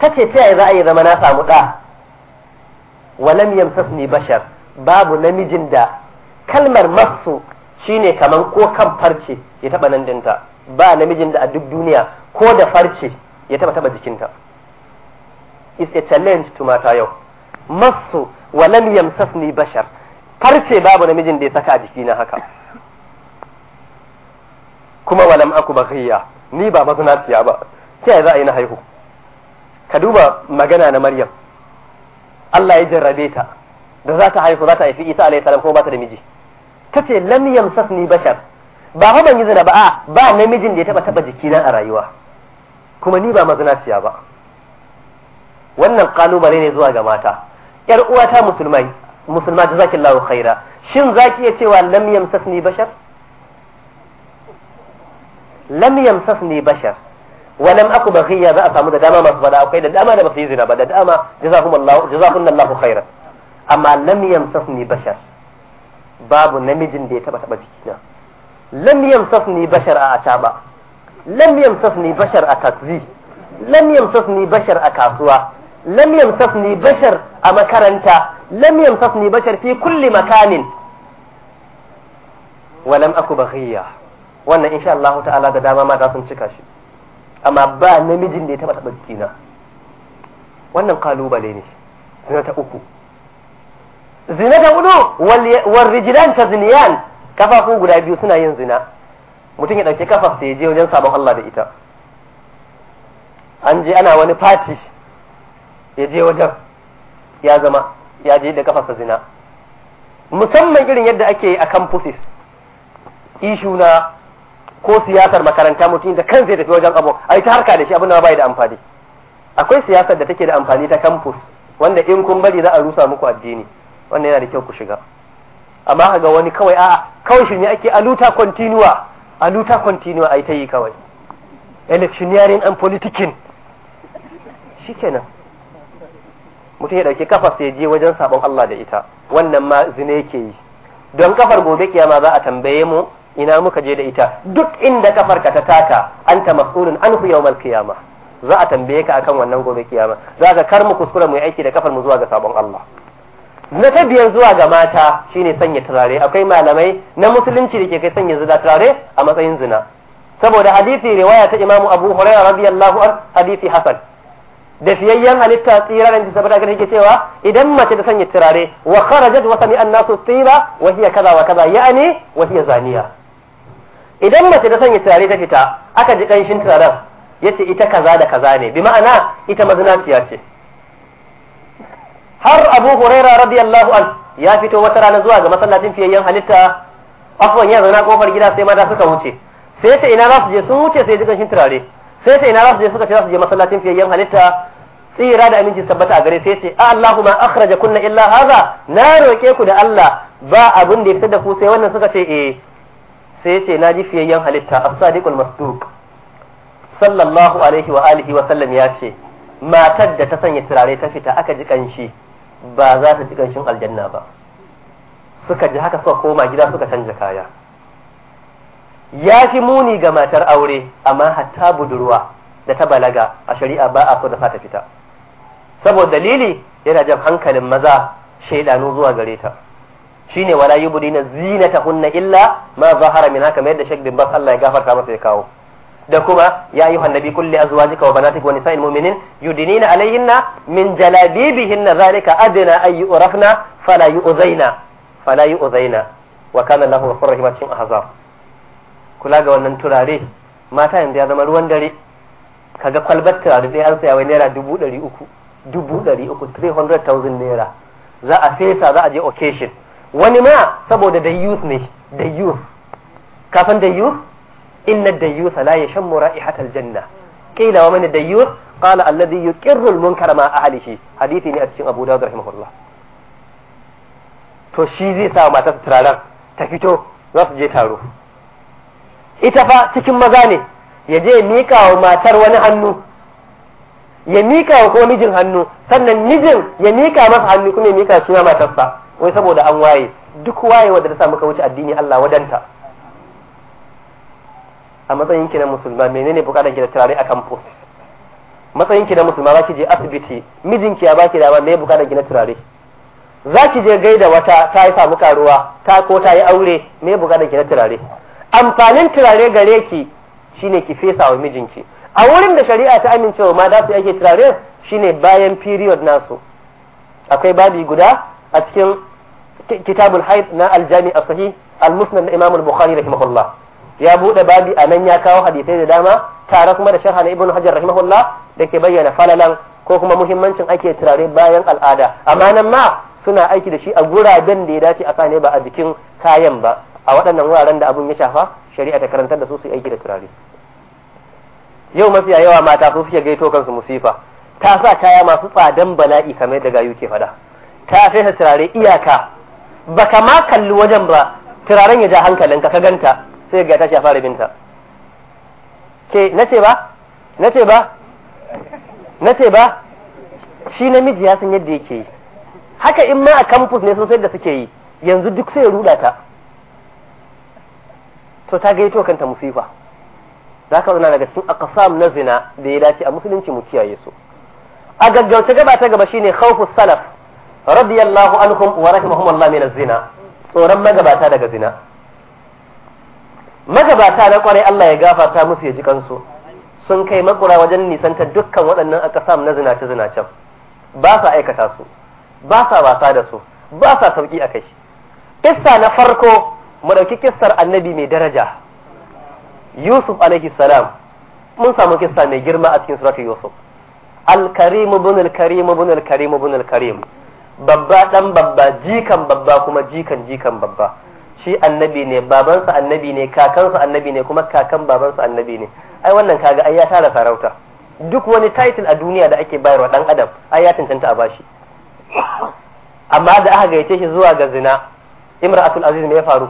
تتي تي رأي إذا منافع مدى ولم يمسسني bashar babu namijin da kalmar masu. Shi ne kamar ko kan farce ya taba nan dinta ba namijin da a duk duniya ko da farce ya taba taba jikinta is a challenge to mata yau masu wa lam yamsasni bashar farce babu namijin da ya saka a na haka kuma walam aku baghiya ni ba siya ba ta za a yi na haihu ka duba magana na maryam Allah ya jarrabe ta da za ta haihu za ta haifi Isa alayhi salam ko ba ta da miji ta ce lam ni bashar ba fa ban yi zina ba a ba namijin da ya taba taba jikina a rayuwa kuma ni ba mazinaciya ba wannan kalubale ne zuwa ga mata yar uwata musulmai musulma jazakillahu khaira shin zaki iya cewa lam ni bashar lam ni bashar wa lam aku baghiya za a samu da dama masu bada akwai da dama da basu yi zina ba da dama jazakumullahu jazakumullahu khairan amma lam ni bashar babu namijin da ya taba taba jikina lam ni bashar a acaba lam ni bashar a taxi lam ni bashar a kasuwa lam ni bashar a makaranta lam ni bashar fi kulli makanin wa lam aku baghiya wannan insha Allah ta'ala da dama mata sun cika shi amma ba namijin da ya taba taba jikina wannan kalubale ne suna ta uku zina ta hudu wal rijlan tazniyan kafafun guda biyu suna yin zina mutum ya dauke kafaf sai je wajen sabon Allah da ita an je ana wani fati ya je wajen ya zama ya je da kafarsa zina musamman irin yadda ake a campuses ishu na ko siyasar makaranta mutum da kan zai tafi wajen abu a ta harka da shi abin da bai da amfani akwai siyasar da take da amfani ta campus wanda in kun bari za a rusa muku addini wannan yana da kyau ku shiga amma ga wani kawai a'a kawai ne ake a luta continua a luta continua a yi ta yi kawai electioneering and politicking shikenan mutum ya dauki kafar sai je wajen sabon Allah da ita wannan ma zina yake yi don kafar gobe kiyama za a tambaye mu ina muka je da ita duk inda kafar ka ta taka anta mas'ulun anhu yawmal qiyamah za a tambaye ka akan wannan gobe kiyama za ka kar mu kuskura mu yi aiki da kafar mu zuwa ga sabon Allah na ta biyar zuwa ga mata shi ne sanya turare akwai malamai na musulunci da ke kai sanya zina turare a matsayin zina saboda hadisi riwaya ta imamu abu huraira radiyallahu an hadisi Hassan da fiyayyen halitta tsira da sabata yake cewa idan mace ta sanya turare wa kharajat wa sami annasu tsira wa hiya kaza wa kaza ya'ani wa hiya zaniya idan mace ta sanya turare ta fita aka ji kanshin turaren yace ita kaza da kaza ne bi ma'ana ita mazinaciya ce har abu huraira radiyallahu an ya fito wata rana zuwa ga masallacin fiyayyen halitta afwan ya zauna kofar gida sai mata suka wuce sai ta ina za su je sun wuce sai jikan shi turare sai ta ina za su je suka ce za su je masallacin fiyayyen halitta tsira da aminci tabbata a gare sai ce a Allahumma akhraja kunna illa haza na roke ku da Allah ba abun da ya fitar da ku sai wannan suka ce eh sai ce na ji fiyayyen halitta as-sadiqul masduq sallallahu alaihi wa alihi wa sallam ya ce matar da ta sanya turare ta fita aka ji kanshi ba za ta ji ƙarshen aljanna ba suka ji haka suka koma gida suka canja kaya ya fi muni ga matar aure amma hatta budurwa da ta balaga a shari'a ba a so da ta fita saboda dalili yana jan hankalin maza shaidanu zuwa gare ta shine wala yubdina zinatahunna illa ma zahara min haka mai da shaddin bas Allah ya gafarta masa ya kawo da kuma ya yi hannabi zuwa azwajika wa banatika wa nisa'il mu'minin yudinina alayhinna min jalabibihinna zalika adna ay yu'rafna fala yu'zaina fala yu'zaina wa kana lahu ghafurur rahim a ahzab kula ga wannan turare mata yanzu ya zama ruwan dare kaga kwalbar turare dai an saya wai naira dubu dari uku dubu dari uku three naira za a fesa za a je occasion wani ma saboda da youth ne da youth kafin da youth inna ad-dayyus la yashammu ra'ihatal janna qila wa man ad-dayyus qala alladhi yuqirru al-munkara ma ahlihi hadisi ne a cikin Abu Dawud rahimahullah to shi zai sa matarsa turaren ta fito za su je taro ita fa cikin maza ne ya je miƙa wa matar wani hannu ya miƙa wa ko mijin hannu sannan mijin ya miƙa masa hannu kuma ya miƙa shi ma matarsa wai saboda an waye duk waye wanda ta samu wuce addini Allah wadanta a matsayin ki na musulma menene bukatar ki da turare a campus matsayin ki na musulma za ki je asibiti mijinki ya baki dama me bukatar ki na turare za ki je gaida wata ta yi samu karuwa ta ko ta yi aure me bukatar ki na turare amfanin turare gare ki shine ki fesa wa mijinki a wurin da shari'a ta amincewa ma da su yake turare shine bayan period nasu akwai babi guda a cikin kitabul haid na aljami as sahih al-musnad na imam al-bukhari rahimahullah ya buɗe babi a nan ya kawo hadisai da dama tare kuma da sharha na ibnu hajar rahimahullah da ke bayyana falalan ko kuma muhimmancin ake turare bayan al'ada amma nan ma suna aiki da shi a guraben da ya dace a sane ba a jikin kayan ba a waɗannan wuraren da abun ya shafa shari'a ta karantar da su su aiki da turare yau mafiya yawa mata su suke gaito kansu musifa ta sa kaya masu tsadan bala'i kamar yadda gayu ke faɗa ta fesa turare iyaka baka ma kalli wajen ba turaren ya ja hankalinka ka ganta sai ga tashi a fara binta ke ce ba ce ba ce ba shi namiji ya san yadda yake yi haka in ma a campus ne sosai da suke yi yanzu duk sai ruda ta to ta gaito kanta musifa za ka daga cikin aqsam na zina da ya dace a musulunci mu kiyaye su a gaggauce gaba ta gaba shine khawfus salaf radiyallahu anhum wa rahimahumullah min az-zina tsoron magabata daga zina magabata na kwarai Allah ya gafarta musu ya ji kansu sun kai makura wajen nisanta dukkan waɗannan samu na zinace zinacen ba sa aikata su ba sa wasa da su ba sa sauki a kai kissa na farko mu ɗauki kissar annabi mai daraja Yusuf alaihi salam mun samu kissa mai girma a cikin suratul Yusuf al-karim ibn al-karim ibn al-karim babba dan babba jikan babba kuma jikan jikan babba shi annabi ne babansa annabi ne kakansa annabi ne kuma kakan babansa annabi ne ai wannan kaga ai ya tara sarauta duk wani title a duniya da ake bayarwa dan adam ai ya cancanta a bashi amma da aka gaice shi zuwa ga zina imra'atul aziz me ya faru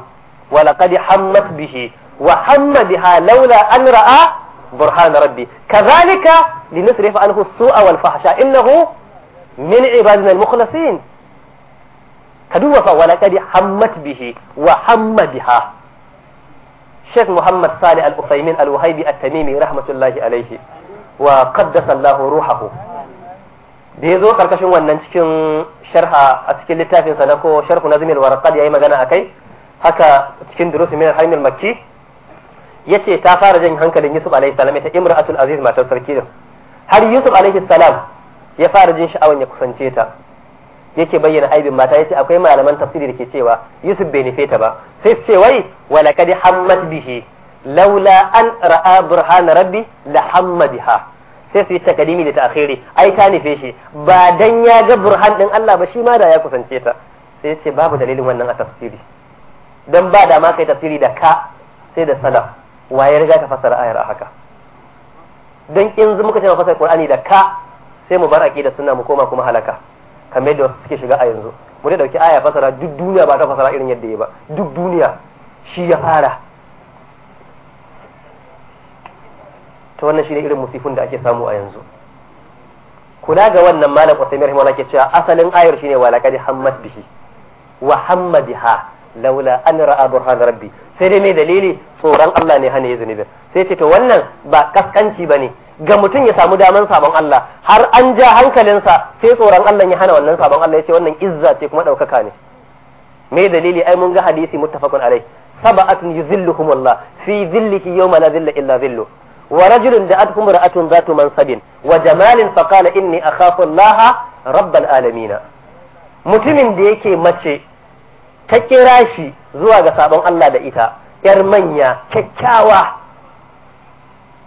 wa laqad hammat bihi wa hamma biha laula an ra'a burhan rabbi kadhalika linusrifa anhu as-su'a wal fahsha innahu min ibadina al-mukhlasin ka duba fa wala kadi hammat bihi wa hamma biha Sheikh Muhammad Salih al uthaymeen al wahabi At-Tamimi rahmatullahi alayhi wa qaddasa Allah ruhahu da ya zo karkashin wannan cikin sharha a cikin littafin sa na ko sharhu nazmil warqad yayi magana akai haka cikin durusi min al-haymil makki yace ta fara jin hankalin Yusuf alayhi salam ita imra'atul aziz matar sarki har Yusuf alayhi salam ya fara jin sha'awan ya kusance ta yake bayyana aibin mata yace akwai malaman tafsiri da ke cewa Yusuf bai nufe ta ba sai su ce wai wala kad hammat bihi laula an ra'a burhan rabbi la hammadha sai su yi takadimi da ta'khiri ai ta nufe shi ba dan ya ga burhan din Allah ba shi ma da ya kusance ta sai yace babu dalilin wannan a tafsiri dan ba da ma kai tafsiri da ka sai da salaf waye riga ka fasara ayar a haka dan in muka ce fasara Qur'ani da ka sai mu bar aqida sunna mu koma kuma halaka kamar yadda wasu suke shiga a yanzu mu da dauki aya fasara duk duniya ba ta fasara irin yadda ya ba duk duniya shi ya fara ta wannan shi ne irin musifin da ake samu a yanzu kula ga wannan malam Uthaymeen rahimahullah ke cewa asalin ayar shine wa laqad hammat bihi wa hammadha laula an ra'a burhan rabbi sai dai me dalili tsoron Allah ne hana ya zunubin sai ce to wannan ba kaskanci bane ga mutum ya samu daman sabon Allah har an ja hankalinsa sai tsoron Allah ya hana wannan sabon Allah ya ce wannan izza ce kuma ɗaukaka ne me dalili ai mun ga hadisi muttafaqun alai sab'atun yuzilluhum Allah fi zillihi yawma la zilla illa zillu wa rajulun da'atuhum ra'atun zatu mansabin wa jamalin in ne inni kafin laha rabbal alamina. mutumin da yake mace ta kira shi zuwa ga sabon Allah da ita yar manya kyakkyawa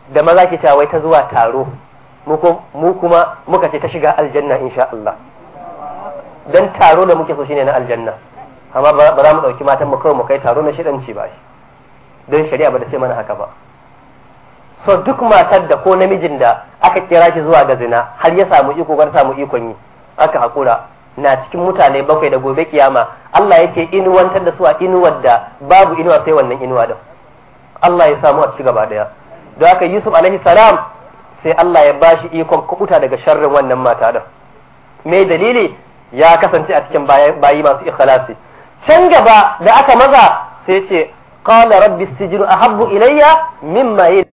da maza ke cewa wai ta zuwa taro mu kuma muka ce ta shiga aljanna insha Allah dan taro da muke so shine na aljanna amma ba za mu dauki matan mu kawai mu kai taro na shidanci ba shi dan shari'a ba ta ce mana haka ba so duk matar da ko namijin da aka kira shi zuwa ga zina har ya samu iko gar samu ikon yi aka hakura na cikin mutane bakwai da gobe kiyama Allah yake inuwantar da su a inuwar da babu inuwa sai wannan inuwa din Allah ya samu a ci gaba daya da aka Yusuf alaihi salam sai Allah ya bashi ikon kubuta daga sharrin wannan mata din me dalili ya kasance a cikin bayi masu ikhlasi can gaba da aka maza sai ce qala rabbi sijnu ahabbu ilayya mimma